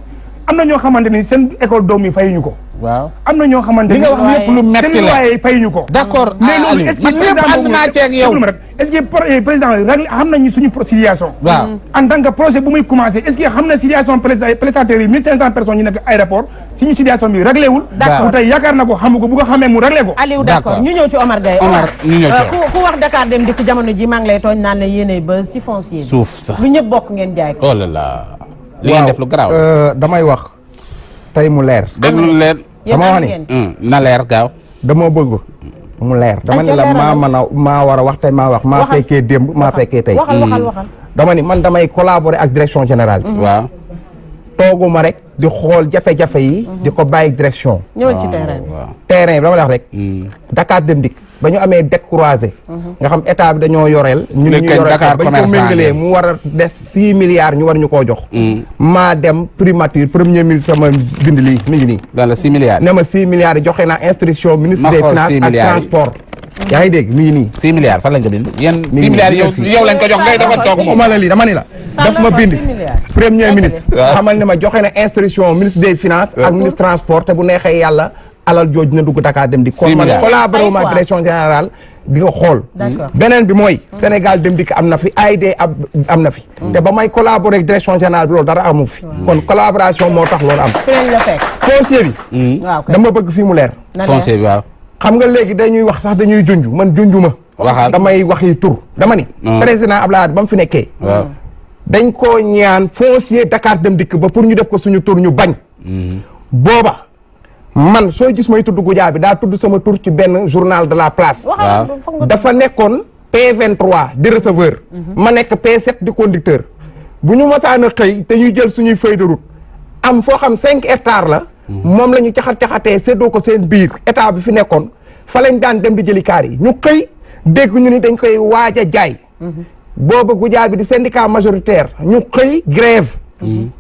am na ñoo xamante ni seen école doom yi fayuñu ko waaw am na ñoo xamante ni li nga wax lépp lu metti la waaye fay ñu ko d' accord mais loolu est ce que lépp ànd naa ci ak yow est ce que eh, président rek xam nañu suñu situation waaw en tant que projet bu muy commencé est ce que xam na situation prestataires yi mille cinq cent personnes ñu nekk aéroport suñu situation bi réglé wul d' accord tey yaakaar na ko xamu ko bu ko xamee mu réglé ko Aliou d' accord ñu ñëw ci Omar Gueye Omar ñu ñëw ci euh, ku wax Dakar dem dikk jamono ji maa ngi lay tooñ naan la yéenay bës ci foncier suuf sax lu ñëpp bokk ngeen jaay ko oh là là li ngeen def lu garaaw euh, damay wax tey mu leer déglu leer dama wax ni mm, na leer gaaw dama bëgg mu leer dama ne la maa mën a maa war a wax tey maa wax maa fekkee démb maa fekkee tey mm. dama ni man damay collaborer ak direction général bi mm-hmm. waaw rek di xool jafe-jafe yi mm-hmm. di ko bàyyi direction ñëwal dama la rek mm. Dakar Dem Dikk ba ñu amee dette croisée mhm. nga xam état bi dañoo yoreel ñu ñu yoreel ñu ko méngalee mu war a des six milliards ñu war ñu koo jox mm. maa dem primature premier ministre sama bind lii mi ngi nii dans la six milliards ne ma six milliards joxe jox ngay dafa toog moom ma ah. ne ma joxe na instruction ministre des finances ak ah. ministre transport te bu neexee yàlla alal jooju na dugg Dakar dem di kon man collaboré ma direction générale di ko xool beneen bi mooy Sénégal dem dikk am na fi AID am na fi mm. te ba may collaboré direction générale bi loolu dara amu fi kon collaboration moo tax loolu am foncier mm. dama bëgg fii mu leer xam nga léegi dañuy wax sax dañuy junj man junj damay waxi tur dama ni mm. président Abdoulaye ba mu fi nekkee dañ koo ñaan foncier Dakar dem dikk ba pour ñu def ko suñu tur ñu bañ mm-hmm. booba man soo gis may tudd Goudia bi daa tudd sama tur ci benn journal de la place. dafa nekkoon P23 di receveur. Mhm. ma nekk P7 di conducteur. bu ñu mosaan xëy te ñuy jël suñuy feuille am foo xam cinq hectares la. Mhm. moom la ñu caxat caxatee seddoo ko seen biir état bi fi nekkoon fa lañ daan dem di jëli kaar yi ñu xëy dégg ñu ni dañ koy waaj a jaay. Mhm. boobu Goudia bi di syndicat majoritaire ñu xëy grève.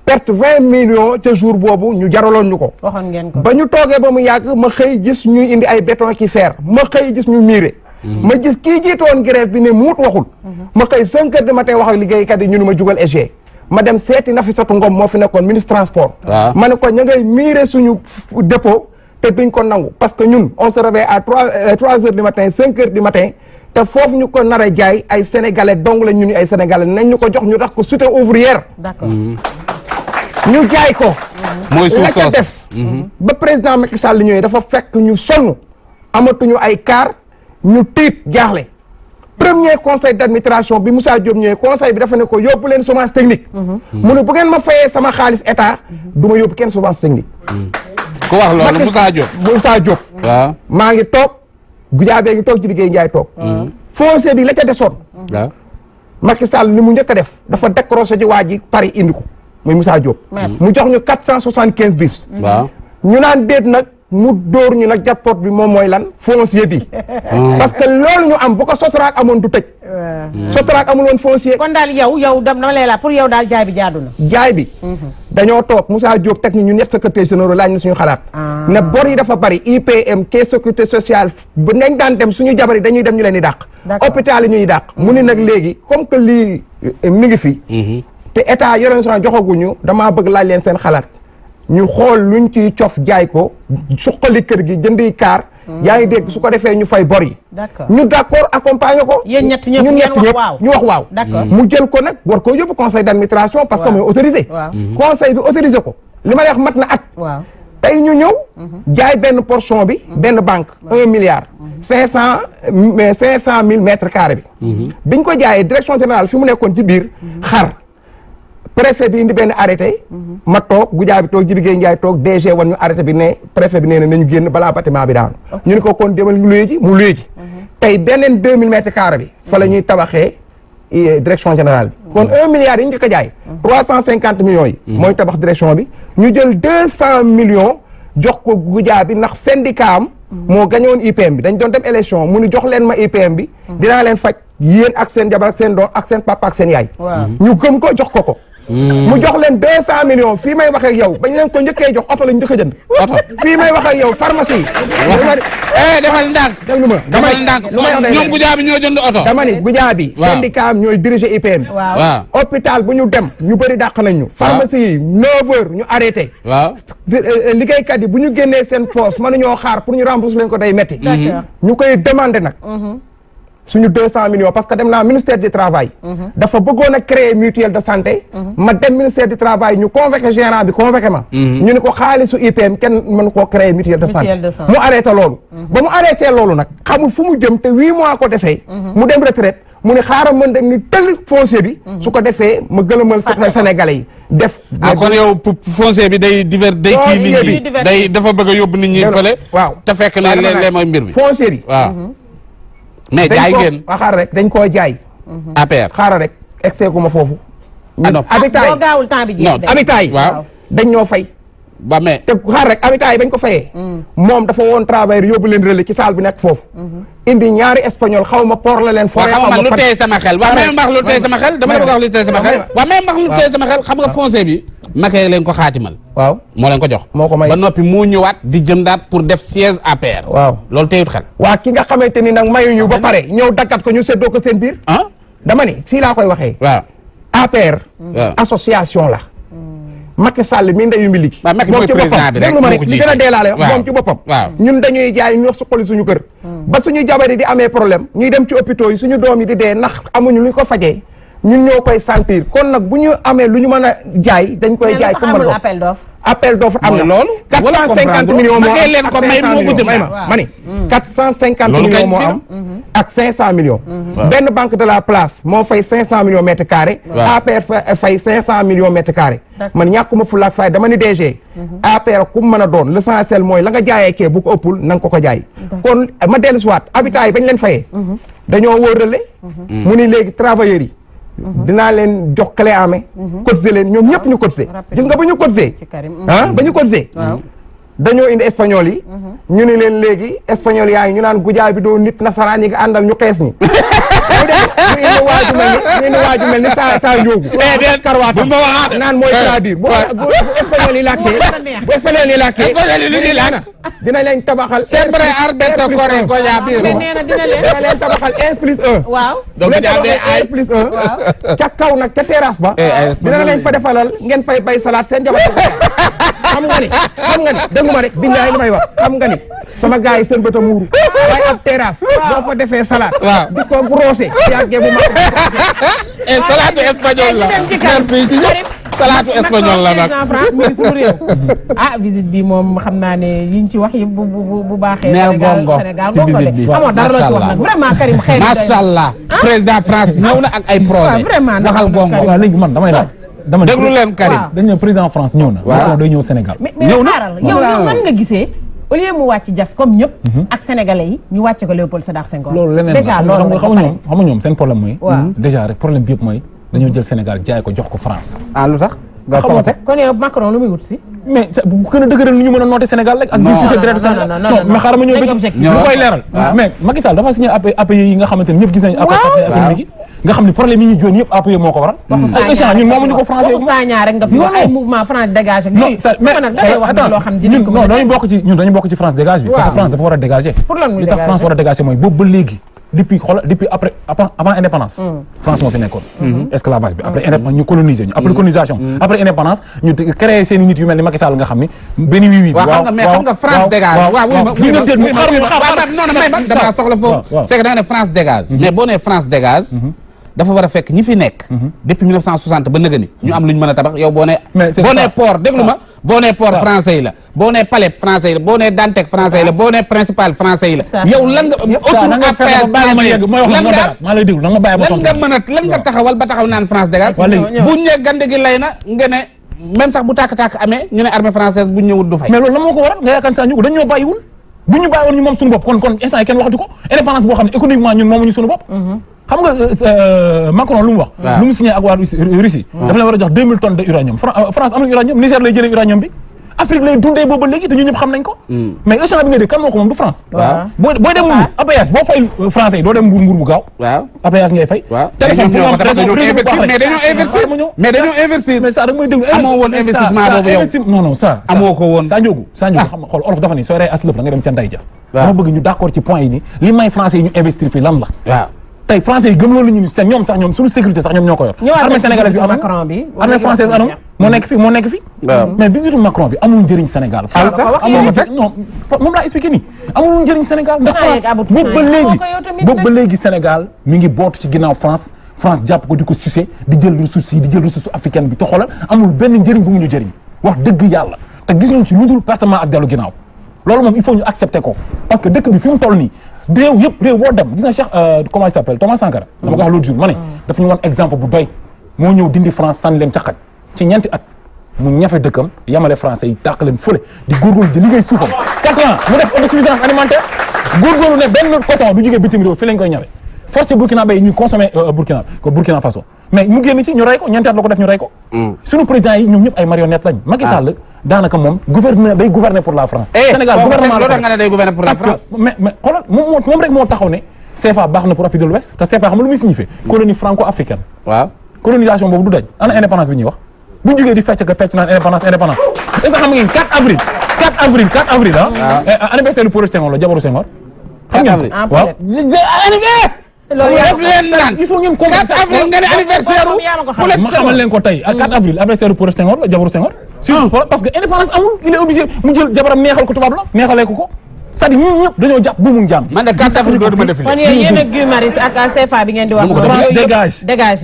perte vingt millions ca jour boobu ñu jaraloon ñu ko. waxoon ngeen ba ñu toogee ba mu yàgg ma xëy gis ñuy indi ay béton ci fer ma xëy gis ñu miire. Mm-hmm. ma gis kii jiitoon grève bi ne muut waxul. Mm-hmm. ma xëy cinq heures du matin wax ak liggéeykat yi ñu ma jugal SG. ma dem seeti Nafissatou Ngom moo fi nekkoon ministre transport. Ah. ma ne ko ña ngay miire suñu dépôt te duñ ko nangu parce que ñun on se réveille à trois euh, trois heures du matin cinq du matin. te foofu ñu ko nar a jaay ay sénégalais dong la ñu ni ay sénégalais nañ ñu ko jox ñu tax ko cité ouvrière. d'accord mm-hmm. ñu jaay ko. mooy suuf soosu la ca def. Mm-hmm. ba président Macky Sall ñëwee dafa fekk ñu sonn amatuñu ay car ñu tiit jaaxle. premier conseil d' bi Moussa Diop ñëwee conseil bi dafa ne ko yóbbu leen semence technique. Mm-hmm. mu ne bu ngeen ma fayee sama xaalis état du ma yóbbu kenn semence technique. ku wax loolu Moussa Diop Moussa Diop. maa ngi toog. gujaabee ngi toog ci liggéey njaay toog mm-hmm. foncé bi la ca desoon waaw Macky ni mu njëkk def dafa décroché ci waa ji Paris indi ko muy Moussa Diop mm-hmm. mu jox ñu quatre cent soixante quinze bis waaw ñu naan déet nag mu dóor ñu nag jackpot bi moom mooy lan foncier bi. Ah. parce que loolu ñu am bu ko Sotrac amoon du tëj. Hmm. Sotrac amul woon foncier. kon daal yow yow dam dama lay laaj pour yow daal jaay bi jaadu na. jaay bi. Hmm. dañoo toog mu Moussa Diop teg ñu ñett secrétaire général laaj na suñu xalaat. Ah. ne bor yi dafa bari IPM caisse sécurité sociale bu nañ daan dem suñu jabar yi dañuy dem ñu leen di dàq. hôpital yi ñuy dàq. mu ne hmm. nag léegi comme que lii eh, mi ngi fi. te état yore na joxaguñu damaa bëgg laaj leen seen xalaat. ñu xool lu ñu ciy cof jaay ko suqali kër gi jëndi kaar. Hmm. yaa ngi dégg su ko defee ñu fay bor yi. ñu d' accord accompagné ko. yéen ñett ñëpp ñu wax waaw. mu jël ko nag war koo yóbbu conseil d' administration. parce que mooy autorisé. Mhm. conseil bi autorisé ko li ma lay mat na at. tey ñu ñëw mhm. jaay benn portion bi mhm. benn banque un milliard cinq cent cinq cent mille mètres carré bi. biñ ko jaayee direction générale fi mu nekkoon ci biir xar. préfet bi indi benn arrêté. Mhm. ma toog Goudia bi toog Jibi Gueye Ndiaye toog DG wan ñu arrêté bi ne préfet bi nee na nañu génn balaa bâtiment bi daanu. ñu ne ko kon demal ñu luye ji mu luye mhm. tey beneen deux mille mètres bi. fa mhm. ñuy tabaxee euh, direction générale kon un milliard yi ñu ko jaay. trois cent cinquante millions mooy tabax direction bi ñu jël deux cent millions jox ko Goudia bi ndax syndicat am. moo gañoon IPM bi dañ doon dem élection mu ni jox leen ma IPM bi. dinaa leen faj yéen ak seen jabar seen doom ak seen papa ak seen yaay. ñu gëm ko jox ko ko. Hmm. mu jox leen deux cent millions fii may wax ak yow bañ leen ko njëkkee jox oto lañ njëkk a jënd oto fii may wax ak yow pharmacie yi eh defal ndànk déglu ma defal ndànk lu may wax ñoom gujaa bi ñoo jënd oto dama ni gujaa bi syndicat am ñooy diriger IPM waaw hôpital bu ñu dem ñu bëri dàq nañ ñu pharmacie yi neuf heures ñu arrêté waaw eh, eh, liggéeykat yi bu ñu génnee seen poste mënu ñoo xaar pour ñu rembourse leen ko day métti ñu koy demandé nag mm-hmm. suñu deux cent millions parce que dem naa ministère du travail mhm. dafa bëggoon a créer mutuelle de santé mhm. ma dem ministère du travail ñu convoqué gérant bi convoqué ma mhm. ñu ne ko xaalisu IPM kenn mën koo créer mutuelle de santé mu arrêté loolu ba mu arrêté loolu nag xamul fu mu jëm te huit mois ko desee mu dem retraite mu ne xaaral man dem ni tëll foncier bi su ko defee ma gëlëmal sénégalais yi def ah kon yow foncier bi day divers day kii nit ñi day dafa bëgg a yóbbu nit ñi fekk la lee mooy mbir bi foncier mais jaay ngeen xaar rek dañ koo jaay. Mm-hmm. APR xaaral rek excès ku foofu. alors ah, habitat yi gaawul temps bi non yi waaw dañ ñoo fay. ba mais te xaar rek habitat yi bañ ko fayee. Mm. moom dafa woon travail yóbbu leen relais ci saal bi nekk foofu. Mm-hmm. indi ñaari espagnol xaw ma port la leen. foree xaw ma lu tey sama xel waaw même wax lu tey sama xel dama la sama xel. waaw même wax lu tey xam nga foncé bi. Macky leen ko xaatimal. waaw moo leen ko jox. moo ko may ba noppi mu ñëwaat di jëndaat pour def siège APR. waaw loolu teewut xel. waa ki nga xamante ni nag mayuñu ba ah, pare ñëw dakkat ko ñu seddoo ko seen biir. ah dama ni fii laa koy waxee. waaw APR. association la. Macky Sall mi ndeyu mi ligi moom ci boppam déglu ma rek ñu a deelaale moom ci boppam ñun dañuy jaay ñu suqali suñu kër hmm. ba suñu jabar di amee problème ñuy dem ci hôpitaux yi suñu doom yi di dee ndax amuñu lu ko fajee ñun ñoo koy sentir kon nag bu ñu amee lu ñu mën a jaay dañ koy jaay fu mën appel d'offre appel d'offre am na loolu quatre cent cinquante millions moo am ma ma ni mm. quatre cent cinquante moo am mm-hmm. Mm-hmm. ak cent millions mm-hmm. benn banque de la place moo fay cinq cent millions mètres fay cinq cent millions mètres man ñàkkuma fulla ak fay dama ni DG APR ku mën a doon l'essentiel mooy la nga jaayee kee bu ko ëppul na nga ko ko jaay kon ma dellu si waat habitat yi bañ leen fayee dañoo wóorale mm. mu ni léegi travailleurs yi Mhm. dinaa leen jox clé en main. Mhm. leen ñoom ñëpp ñu cotiser. gis nga ba ñu cotiser. ah ba ñu cotiser. dañoo indi espagnol yi. Mhm. ñu ne leen léegi espagnol yaa ngi ñu naan gujaay bi doo nit nasaraan yi nga àndal ñu xees ñi. [LAUGHS] mu indi waaju mel ni saa saa yóobu. bu ma waxaat naan mooy traduire bu espagnol yi làkkee bu espagnol yi làkkee espagnol yi lu ñuy làkk dina leen tabaxal. sempre arbeta correo ya biro. dina leen tabaxal un plus un. waaw donc jaadee ay un plus un. ca kaw nag ca terrasse ba. dina leen fa defalal ngeen fay bay salade seen jabar xam nga ni xam nga ni dégg ma rek billaay li may wax xam nga ni sama gars yi seen bët a muuru waaye ab terrasse. boo fa defee salade. waaw di ko brossé. café yàggee ma e eh, salaatu espagnol la merci salaatu espagnol la nag ah visite bi moom xam naa ne yiñ ci wax yëpp bu bu bu baaxee. Sénégal ci visite bi amoon dara la Karim xëy na macha ah? France ñëw na ak ay projet waxal gongo waaw léegi man damay laaj dama déglu leen Karim dañ ne nga gisee. au lu muy wut si. mais bu gën a dëgëral ni ñu mën a noote Sénégal rek. ak di sujet direct Sénégal non xaaral ma ñëw ba ci. ñëw koy leeral. mais Macky Sall dafa signé APE yi nga xamante ne ñëpp gis nañu. waaw waaw nga xam ne problème yi ñu joon yëpp APE moo ko hmm. France dégage. bi. parce may ba damaa soxla foofu. c'est nga ne France dégage. Hmm. mais boo nee France dégage. Hmm. dafa war a fekk ñi fi nekk mhm. depuis 1960 ba nëgëni ñu am lu mën a tabax yow boo nee boo déglu ma boo nee port français yi la boo nee palais français boo nee Dantec français a lan na nga ne même bu ñëwut du fay mais loolu la moo ko waral nga yaakaar saa ñu ko dañ ko indépendance boo xam ne économiquement ñun moomuñu bopp mhm. xam nga euh, euh, Macron lu mu wax. lu mu signé ak waa Russie. Euh, dafa la war a jox 2000 tonnes de uranium France amul uranium Niger lay jëlee uranium bi. Afrique lay dundee boobu léegi te ñun ñëpp xam nañ ko. Hmm. mais échange bi ngay fay. waaw téléphone pour am téléphone mais dañoo investir mais dañoo investir. mais ça rek mooy déglu amoo woon investissement boobu yow non non ça. amoo ko woon saa njóogu saa njóogu ah. nga xool olof dafa ni sooy rey as lëf nga dem ca ndey ja. waaw dama bëgg ñu d'accord ci point yi ni li may français yi ñu investir fii lan tey français yi gëm loolu ñu ni seen ñoom sax ñoom suñu sécurité sax ñoom ñoo ko yor. armée sénégalaise bi amul Macron bi. armée française anam moo nekk fi moo nekk fi. mais visitu Macron Sénégal. amul ah, sax laa expliqué nii. amul njëriñ Sénégal ndax France boobu ba léegi ba léegi Sénégal mi ngi bootu ci ginnaaw France. France jàpp ko di ko sucé di jël ressources yi di jël ressource africaine bi te xoolal benn njëriñ bu mu ñu jëriñ wax dëgg yàlla te gis ñu ci lu dul pertement ak dellu ginnaaw loolu moom il faut ñu accepter ko parce que dëkk bi fi mu toll nii réew yëpp réew boo dem gis nga Cheikh euh, comment il s'appelle Thomas Sankara. dama ko wax l'autre jour ma ne. Mm. daf ñu wan exemple bu doy. moo ñëw dindi France tànn leen caxaj ci ñeenti at mu ñafe dëkkam yamale français yi tàq leen fële di góorgóorlu di liggéey suufam. 4 ans mu def autosuffisance alimentaire góorgóorlu ne benn coton du jógee bitim réew fii ko koy ñawe forcé Burkina Faso yi ñuy consommé euh, Burkina Burkina Faso mais ñu génn ci ñu rey ko ñeenti at la ko def ñu rey ko. Mm. suñu président yi ñoom ñëpp ay marionnettes lañ. Macky ah. daanaka moom day gouverner pour la France. Eh, Sénégal gouvernement la France. mais mais moom rek moo taxaw ne CFA baax na pour Afrique te CFA xam nga lu mm. colonie franco-africaine. colonisation boobu du daj ana indépendance bi ñuy wax bu ñu jugee di fecc ka fecc naan indépendance indépendance est-ce xam ngeen 4 avril 4 loolu def leen naan 4 avril nga leen ko tey 4 avril anniversaire u pour Senghor la ah. Senghor parce que indépendance amul il est obligé mu jël jabaram neexal ko tubaab la ko ko cest dañoo jàpp bu mu jàmm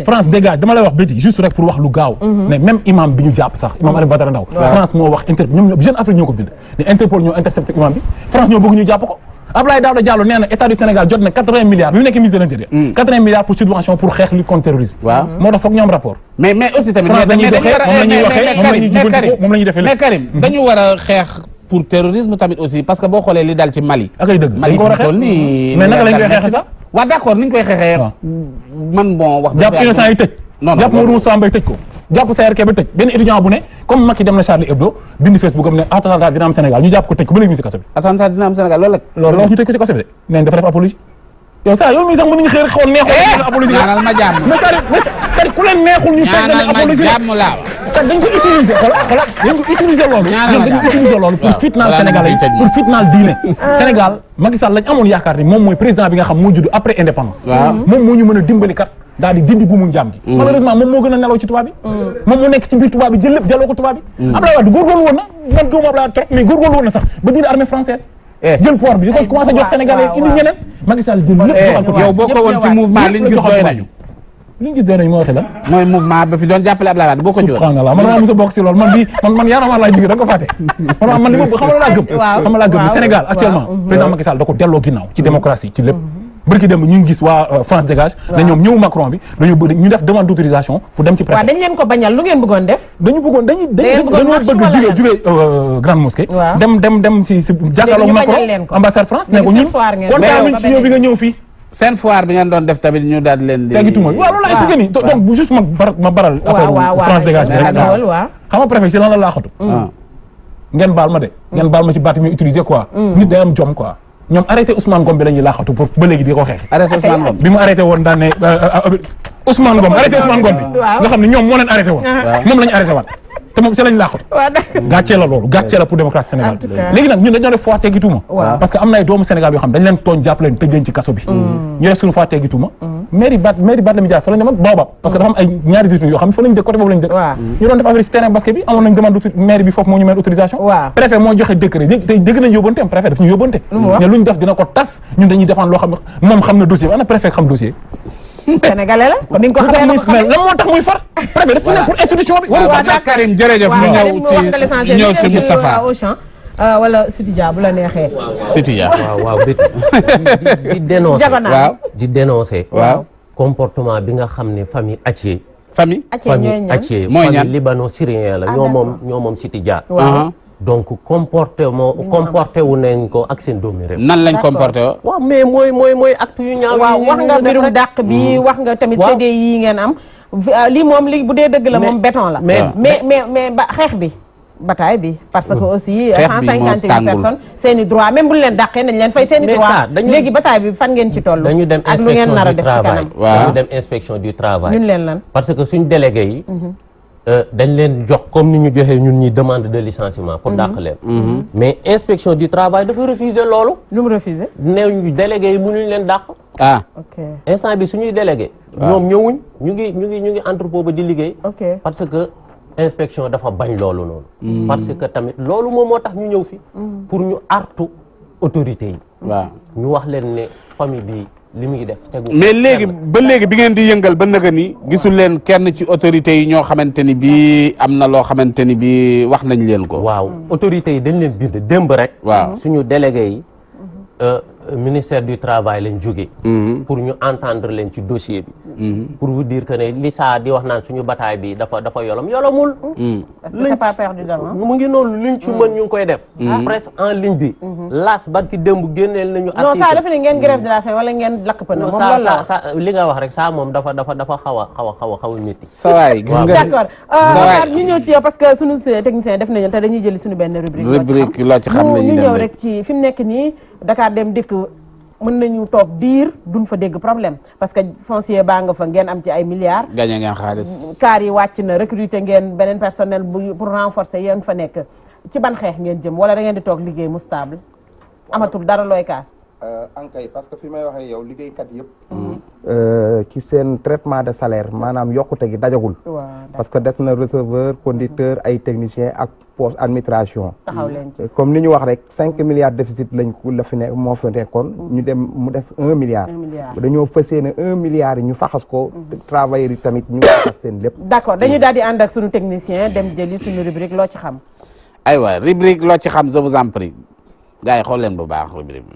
France dégage dama lay wax béti juste rek pour wax lu gaaw mhm. mais même imam bi ñu jàpp sax imam Alioune Badara France moo wax jeune Afrique ñoo ko bind ne Interpol ñoo intercepté imam bi France ñoo bëgg ñu jàpp ko Abdoulaye Daouda Diallo nee na état du Sénégal jot na 80 milliards bi nekk ministre de l'intérieur hmm. milliards pour subvention pour xeex lutte contre terrorisme hmm. moo tax foog ñoom rapport mais mais aussi tamit France lañuy doxee moom lañuy waxee moom mais Karim hmm. dañu war xeex pour terrorisme tamit aussi parce que boo xoolee li dal ci Mali akay ah, dëgg Mali mais naka lañ koy xeexee sax waaw d'accord ni ñu koy man bon wax jàpp innocent yi tëj non non jàpp Modou Moussa Mbaye tëj ko jàpp CRK ba tëj benn étudiant bu ne comme Macky dem na Charlie Hebdo bind Facebook am ne attentat dina am Sénégal ñu jàpp ko tëj ko ba léegi mu si kaso bi. de nee dafa def apologie yow sax mënuñu xëy xool neexul eh! apologie ñaanal ma jàmm mais neexul ñu tëj leen apologie ñaanal ma jàmm laa parce que dañ ko utiliser xool ah, xool dañ ko utiliser pour fitnaal diine ah. Sénégal Macky Sall lañ amoon yaakaar ni moom mooy président bi nga xam moo judd après indépendance moom moo a dimbali kat daal di dindi buumu njaam gi mm. malheureusement moom moo gën a nelaw ci tubaab bi mm. moom mu nekk ci biir tubaab bi jël lépp delloo ko tubaab bi mm. Abdoulaye Wade góorgóorlu woon man gëwuma a eh. eh, bokk si loolu man bi man man yaarama laa man man li ma Sénégal actuellement président Macky Sall da ko ci mm-hmm. démocratie ci lépp mm-hmm. bërki dem ñu ngi gis waa euh, France dégage ne ñoom ñëw Macron bi ñu def demande d'autorisation pour dem ci préfet waaw dañ leen ko bañal lu ngeen bëggoon def dañu bëggoon dañuy dañoo bëgg jugee jugee euh, grande mosquée dem dem dem si si jàkkaarloog Macron ambassade France ne ko bi ngeen doon def tamit ñu daal leen di tegi tuuma waaw juste ma baral affaire France dégage bi rek xam mm. Mm. ngeen baal ma de ngeen baal ma si baat utiliser quoi mm. nit day am jom quoi ñoom arrêté Ousmane Ngom bi la ñuy laaxatu pour ba léegi di ko xeex. arrêté Ousmane Ngom bi mu arrêté woon daan ne euh, euh, euh, Ousmane Ngom arrêté Ousmane nga xam ne ñoom moo leen arrêté woon. moom la ñu arrêté te moom si lañ laaxut la loolu gàcce la pour démocratie Sénégal léegi nag ñun dañoo def fois teggituma parce que am na ay doomu Sénégal yoo xam dañ leen mm. def suñu fois teggituma mm. amoon nañ demande mairie bi foofu moo ñu mel autorisation préfet moo joxe décret te dëgg nañ yóbbante am préfet ñu yóbbante ne lu def dina ko tas ñun dañuy défendre loo xam ne moom xam na dossier ana préfet xam dossier sénégalais la kon ni nga ko moo tax muy far. préfet dafa nekk pour institution bi. waaw waaw Karim jërëjëf ñu ñëw ci ñëw ci Moustapha euh, euh, wala Sidiya bu la neexee. Sidiya waaw waaw di di comportement bi nga xam ne famille Athié. famille Athié ñooy libano-syrien la ah, ñoo moom ñoo donc comporté moo comporté wu nañ ko ak seen doomi réew nan lañ comporté woo waaw mais mooy mooy mooy acte waaw wax nga mbirum dàq bi hmm. wax nga tamit CD yi ngeen am ah, li moom li bu dee dëgg la moom béton la ah. mais mais mais ba xeex bi bataille bi parce que hmm. aussi cent cinquante mille personnes seeni droit même bu ñu leen dàqee nañ leen fay seeni droit léegi bataille bi fan ngeen ci toll dañu dem ak lu ngeen nar a def ci kanam dañu dem inspection du travail ñun leen lan parce que suñ délégué yi mhm. Euh, dañ leen jox comme ni ñu joxee ñun ñi demande de licenciement pour mhm. dàq leen mhm. mais inspection du travail dafa refuser loolu lu mu refuser ne ñu délégué yi mënuñ leen dàq ah instant bi suñuy délégué ah. ñoom ñëwuñ ñu ngi ñu ngi ñu ngi entrepôt ba di liggéey parce que inspection dafa bañ loolu noonu mhm. parce que tamit loolu moom moo tax ñu ñëw fi pour ñu artu autorité yi ñu wax leen ne famille bi li muy def tegu mais léegi ba léegi bi ngeen di yëngal ba nëga ni gisul leen kenn ci autorités yi ñoo xamante ni bii am na loo xamante ni bii wax nañ leen ko waaw autorités yi dañ leen bind démb rek waaw suñu délégué yi Euh, ministère du travail lañ jóge mm-hmm. pour ñu entendre leen ci dossier bi mm-hmm. pour vous dire que ne li saa di wax naan suñu bataay bi dafa dafa yolom yolomul mm-hmm. luñ mu ngi noonu liñ ci mën ñu ngi koy def ah. presse en ligne bi las barki démb génneel nañu article non saa dafa ne ngeen grève de la faim wala ngeen lakk pëna moom sa li nga wax rek saa moom dafa dafa dafa xaw a xaw a xaw a xaw a métti sawaay gis nga d'accord Omar euh, ñu ñëw ci yow parce que suñu jëli suñu benn rubrique rubrique xam ne ñu ñëw rek ci fi nekk nii Dakar dem dikk mën nañu toog diir duñ fa dégg problème parce que foncier baa nga fa ngeen am ci ay milliards. gañe ngeen xaalis. kaar yi wàcc na recruter ngeen beneen personnel bu pour renforcer yéen fa nekk ci ban xeex ngeen jëm wala da ngeen di toog liggéey mu stable amatul dara looy kaas. Euh, ankay parce que fi may waxee yow liggéeykat yëpp. Mm-hmm. Euh, ci seen traitement de salaire maanaam yokkute gi dajagul. parce que des na receveur conducteur ay technicien poste administration. taxaw leen euh, comme ni ñu wax rek cinq milliards déficit lañ ko la fi ne moo fi nekkoon. Mm-hmm. ñu dem mu des un milliard. dañoo fas yéene un milliard yi ñu faxas ko. Mm-hmm. travailleurs yi tamit ñu faxas seen lépp. d' accord dañu daal di ànd ak suñu technicien dem jëli suñu rubrique loo ci xam. aywa rubrique loo ci xam je en prie gars xool leen bu baax rubrique bi.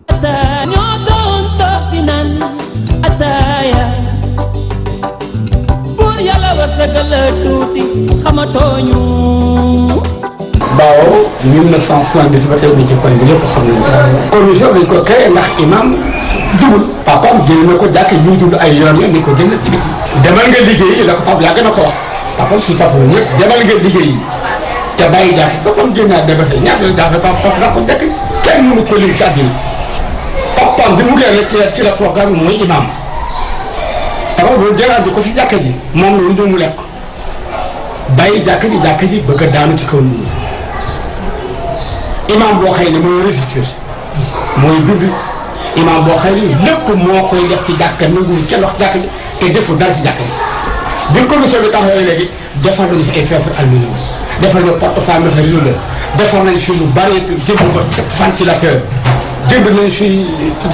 buur yàlla war sagal tuuti xamatooñu Baaw 1970 ba tey bi ci koñ bi lépp xam nañu ko. commission dañ ko créé ndax imam dugul papaam na ko jàkkee ñu dugg ay yoon yoon ni ko génne ci biti. demal nga liggéeyi la ko pap yàgg na ko wax papaam suñu papa la ñëpp demal nga liggéeyi te bàyyi jàkkee papaam génne naa débat tey ñaata la jàkkee pap ko njëkk kenn mënu ko lim ci àddina papaam bi mu génne ci ci la programme bi mooy imam papa boobu jëlaat bi ko si jàkkee ji moom la lu jëm mu lekk bàyyi jàkkee ji jàkkee ji bëgg a daanu ci kaw nit imaam boo xëy ne mooy registre mooy bind imaam boo xëy ne lépp moo koy def ci jàkka nanguwul kenn wax jàkka ji te defu dara ci jàkka ji bi commission bi taxawee léegi defar nañu fi ay feefar aluminium defar nañu portefeuille fa rilé defar nañu fi lu bari jënd ko ventilateur jënd nañu fi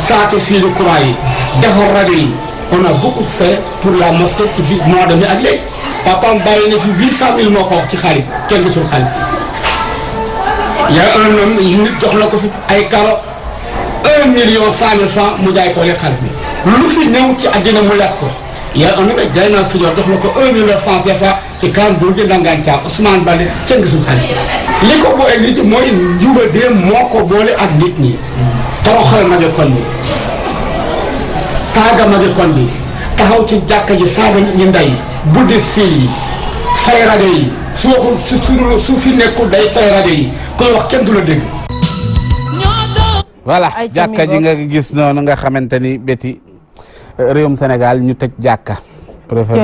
saate fii lu courant yi defar rajo yi on a beaucoup fait pour la mosquée ci biir mois de mai ak léegi papaam bàyyi na fi 800000 moo ko wax ci xaalis kenn gisul xaalis yaa un homme nit jox la ko fi ay karo un million cent mille franc mu jaay ko lekk xaalis bi lu fi néew ci àddina mu lekk ko yaa un homme jaay naa studio jox la ko un million cent CFA ci kan bur di dangaan caam Ousmane Baldé kenn gisul xaalis bi li ko boolee nit mooy njuba dee moo ko boole ak nit ñi toroxal magi kon bi saaga magi kon taxaw ci jàkka ji saaga nit ñi ndey buddi fiil yi fay rajo yi su waxul su su su fi nekkul day fay rajo yi koy wax kenn du la dégg. voilà jàkka ji nga gis noonu nga xamante ni béti réewum Sénégal ñu tëj jàkka. préfet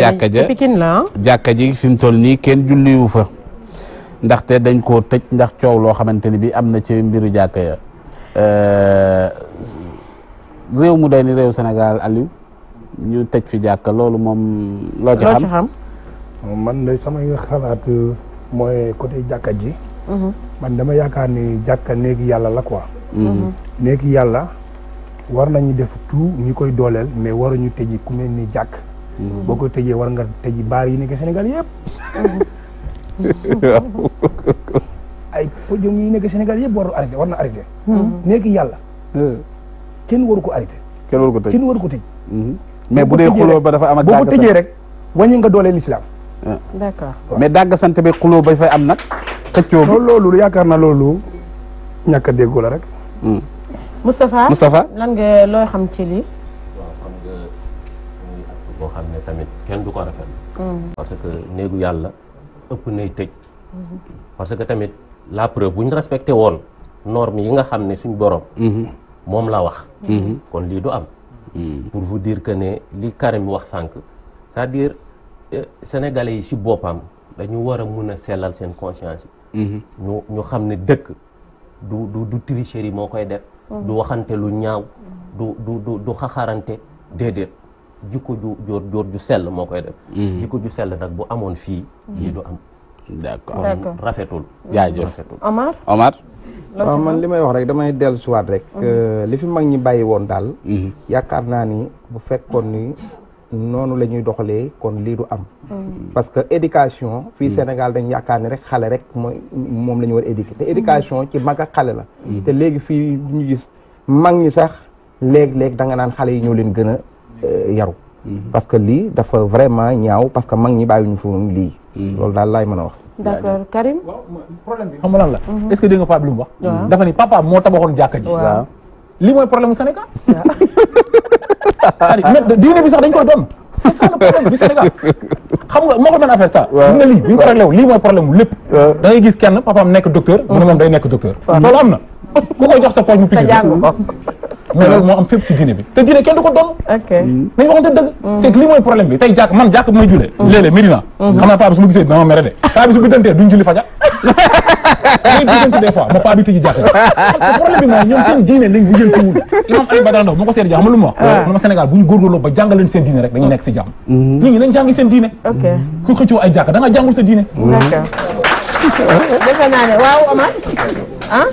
jàkka ja ah. jàkka ji fi mu toll nii kenn julliwu fa ndaxte dañ koo tëj ndax coow loo xamante ni bi am na ci mbiru jàkka ya euh, réew mu day ni réew Sénégal Aliou ñu tëj fi jàkka loolu moom loo ci xam man de samay xalaat euh, mooy côté jàkka ji. Mhm. man dama yaakaar ni jàkka néegi yàlla la ko mhm. néegi yàlla war ñu def tout ñu koy dooleel mais waruñu tëji ku mel nii jàkk. Mhm. boo ko tëjee war nga tëji baar yi nekk Sénégal yëpp. [LAUGHS] ay podium yi yëpp waru arrêté war na arrêté. néegi yàlla. Euh. kenn waru ko arrêté. kenn waru ko tëj kenn waru ko tëj. mais bu dee xuloo ba dafa am ak boo ko tëjee rek wàññi nga dooleel lislaam Ah. d'accord mais dàgg sant bi xuloo bay fay am nag. xëccoo bi loolu yaakaar na loolu ñàkk a déggoo la rek. Hmm. Moustapha Moustapha lan loo xam ci lii. waaw ko rafetlu. Hmm. parce que néegu yàlla ëpp na tëj. Hmm. parce que tamit la preuve bu ñu respecté woon normes yi nga xam ne suñ borom. moom la wax. kon lii du am. pour vous dire que ne li Karim wax sànq sa à Euh, sénégalais yi si boppam dañu war a mun a sellal seen conscience yi mhm. ñu xam ne dëkk du du du tricherie moo koy def mhm. du waxante lu ñaaw mhm. du du du du xaxarante déedéet jikko ju jóor jóor ju sell moo koy def jikko ju sell nag bu amoon fii lii du am d'accord rafetul jaajëf Omar Omar man li may wax rek damay dellu siwaat rek euh, li fi mag ñi bàyyi woon daal yaakaar naa ni bu fekkoon ni noonu la ñuy doxalee kon lii du am. Mm. parce que éducation. fii mm. Sénégal dañu yaakaar ne rek xale rek mooy moom la ñu war a éduquer mm. éducation ci mag ak xale la. te léegi fii ñu gis mag ñi sax léeg-léeg da nga naan xale yi ñoo leen gën a euh, yaru. parce que lii dafa vraiment ñaaw parce que mag ñi bàyyiwuñu ñu woon lii. loolu daal laay mën a wax. d'accord Karim. problème bi xam nga lan la. Mm-hmm. est-ce que dégg nga Pape lu wax. dafa ni papa moo tabaxoon jàkka ji. lii mooy problème mu Sénégal c'est-à-dire bi sax dañ koy doon c'est ça le problème du Sénégal xam nga moo ko mën affaire ça gis nga lii bi ñu ko réglé lii mooy problème mu lépp da ngay gis kenn papaam nekk docteur mu ne moom day nekk docteur loolu am na ku koy jox sa poche mu piqué ko mais moo am fépp ci diine bi te diine kenn du ok nañu waxante dëgg c'est mm. man jàkk bi may julee mm. léeg-léeg Medina mm. xam naa paa bi ma gisee ma mere de paa bi su biddantee duñ julli fajar [LAUGHS] dañuy biddante diine lañ lijjantiwul bu ñu góorgóorloo ba jàngal leen seen diine rek nekk si jàmm nit ñi nañ jàngi seen diine ku xëccoo ay jàkk da nga jàngul sa diine defe naa waaw Omar ah?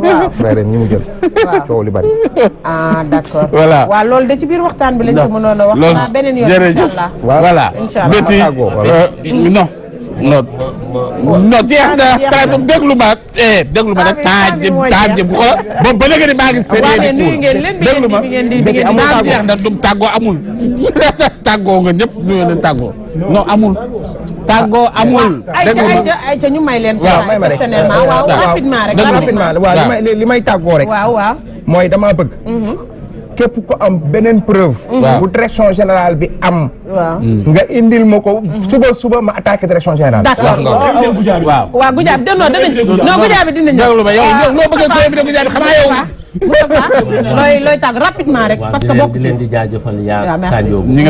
waaw frère [LAUGHS] ñi mu jël. waaw coow li bari. ah d' accord. voilà waaw de ci biir waxtaan bi lañ ko mënoon a wax. beneen yoon incha allah. voilà incha allah non non jeex na traité déglu ma eh déglu ma nag taaj taaj bu xoolal moom ba léegi ni maa ngi séddee déglu ma naan tàggoo amul [LAUGHS] tàggoo nga ñëpp nuyu leen tàggoo non amul tàggoo amul ah, déglu ma ayca ñu may leen waaw ma rek waaw rapidement rek li may tàggoo rek mooy damaa bëgg mhm. képp ku am beneen preuve bu direction générale bi am hmm. nga indil ma ko hmm. suba suba ma attaqué direction générale oh, oh. waaw waaw Goudiaby non non Goudiaby dinañ déglu ma yow loo bëgg ko invité Goudiaby xanaa yow looy looy tàgg rapidement rek parce que leen di jaajëfal yaa Sadio ngi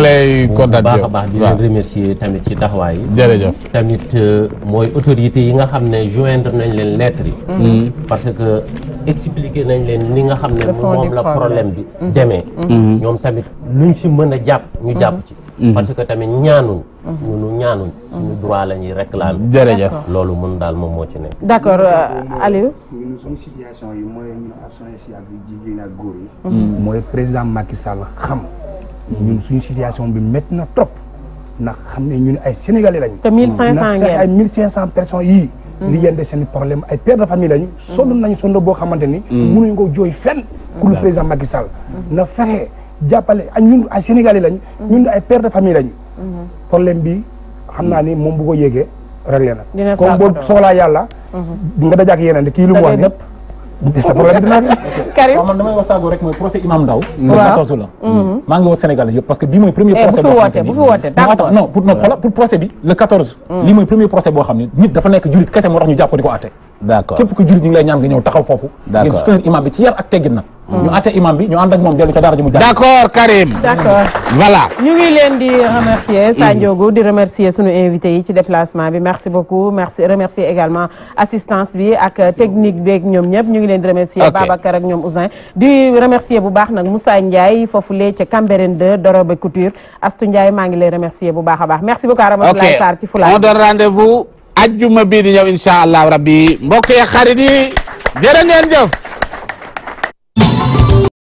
a baax di leen remercier tamit ci taxawaay yi jërëjëf tamit euh, mooy autorité yi nga xam ne joindre nañ leen lettre yi hmm. parce que expliqué nañ leen ni nga xam ne moom la problème bi mm-hmm. demee mm-hmm. ñoom tamit lu ñu si mën a jàpp ñu jàpp mm-hmm. ci parce que tamit ñaanuñ ñunu ñaanuñ suñu droit la ñuy réclamer jërëjëf loolu mën daal moom moo ci nekk d'accord euh, Aliou ñun suñu yi mooy si ak jigéen ak góor yi mooy président Macky Sall xam ñun suñu situation bi métti na trop ndax xam ne ñun ay sénégalais lañu te mille cinq cent ay mille cinq cent personnes Mm-hmm. li yende seen problème ay père de famille lañu mm-hmm. sonn nañ sonn boo xamante ni mënuñu mm-hmm. koo jooy fenn ku lu président Macky Sall na fexe jàppale ak ñun ay sénégali lañ ñun ay per de famille lañu problème bi xam naa ni moom bu ko yéegee réglé na comme boo soxlaa yàlla nga dajak yeneen kii lu mu wax ni sa problème dina man damay waxtaanoo rek mooy procès Imam Ndao. waaw 14 la. Mm-hmm. maa ngi woo Sénégal yëpp parce que bii mooy premier procès boo xam ne bu fi wootee ne nit dafa nekk jurit kese moo tax ñu jàpp ko di ko àtte. d'accord képp ku jullit ñu lay ñaan nga ñëw taxaw foofu ngeen soutenir imam bi ci yar ak teggin na hmm. ñu àtte imam bi ñu ànd ak moom dellu ca daara ji mu jàng d'accord Karim d'accord ñu ngi leen di remercier hmm. Sandiogou di remercier sunu invité yi ci déplacement bi merci beaucoup merci remercier également assistance bi ak technique beeg ñoom ñëpp ñu ngi leen di remercier Babacar rek ñoom Ousin di remercier bu baax nag sa Ndiaye foofu lee ca Cambérène 2 Dorobe Couture Astou maa ngi lay remercier bu baax a baax ajjuma bii di ñëw incha allah rabbi mbokk ya xarit yi jërë ngeen jëf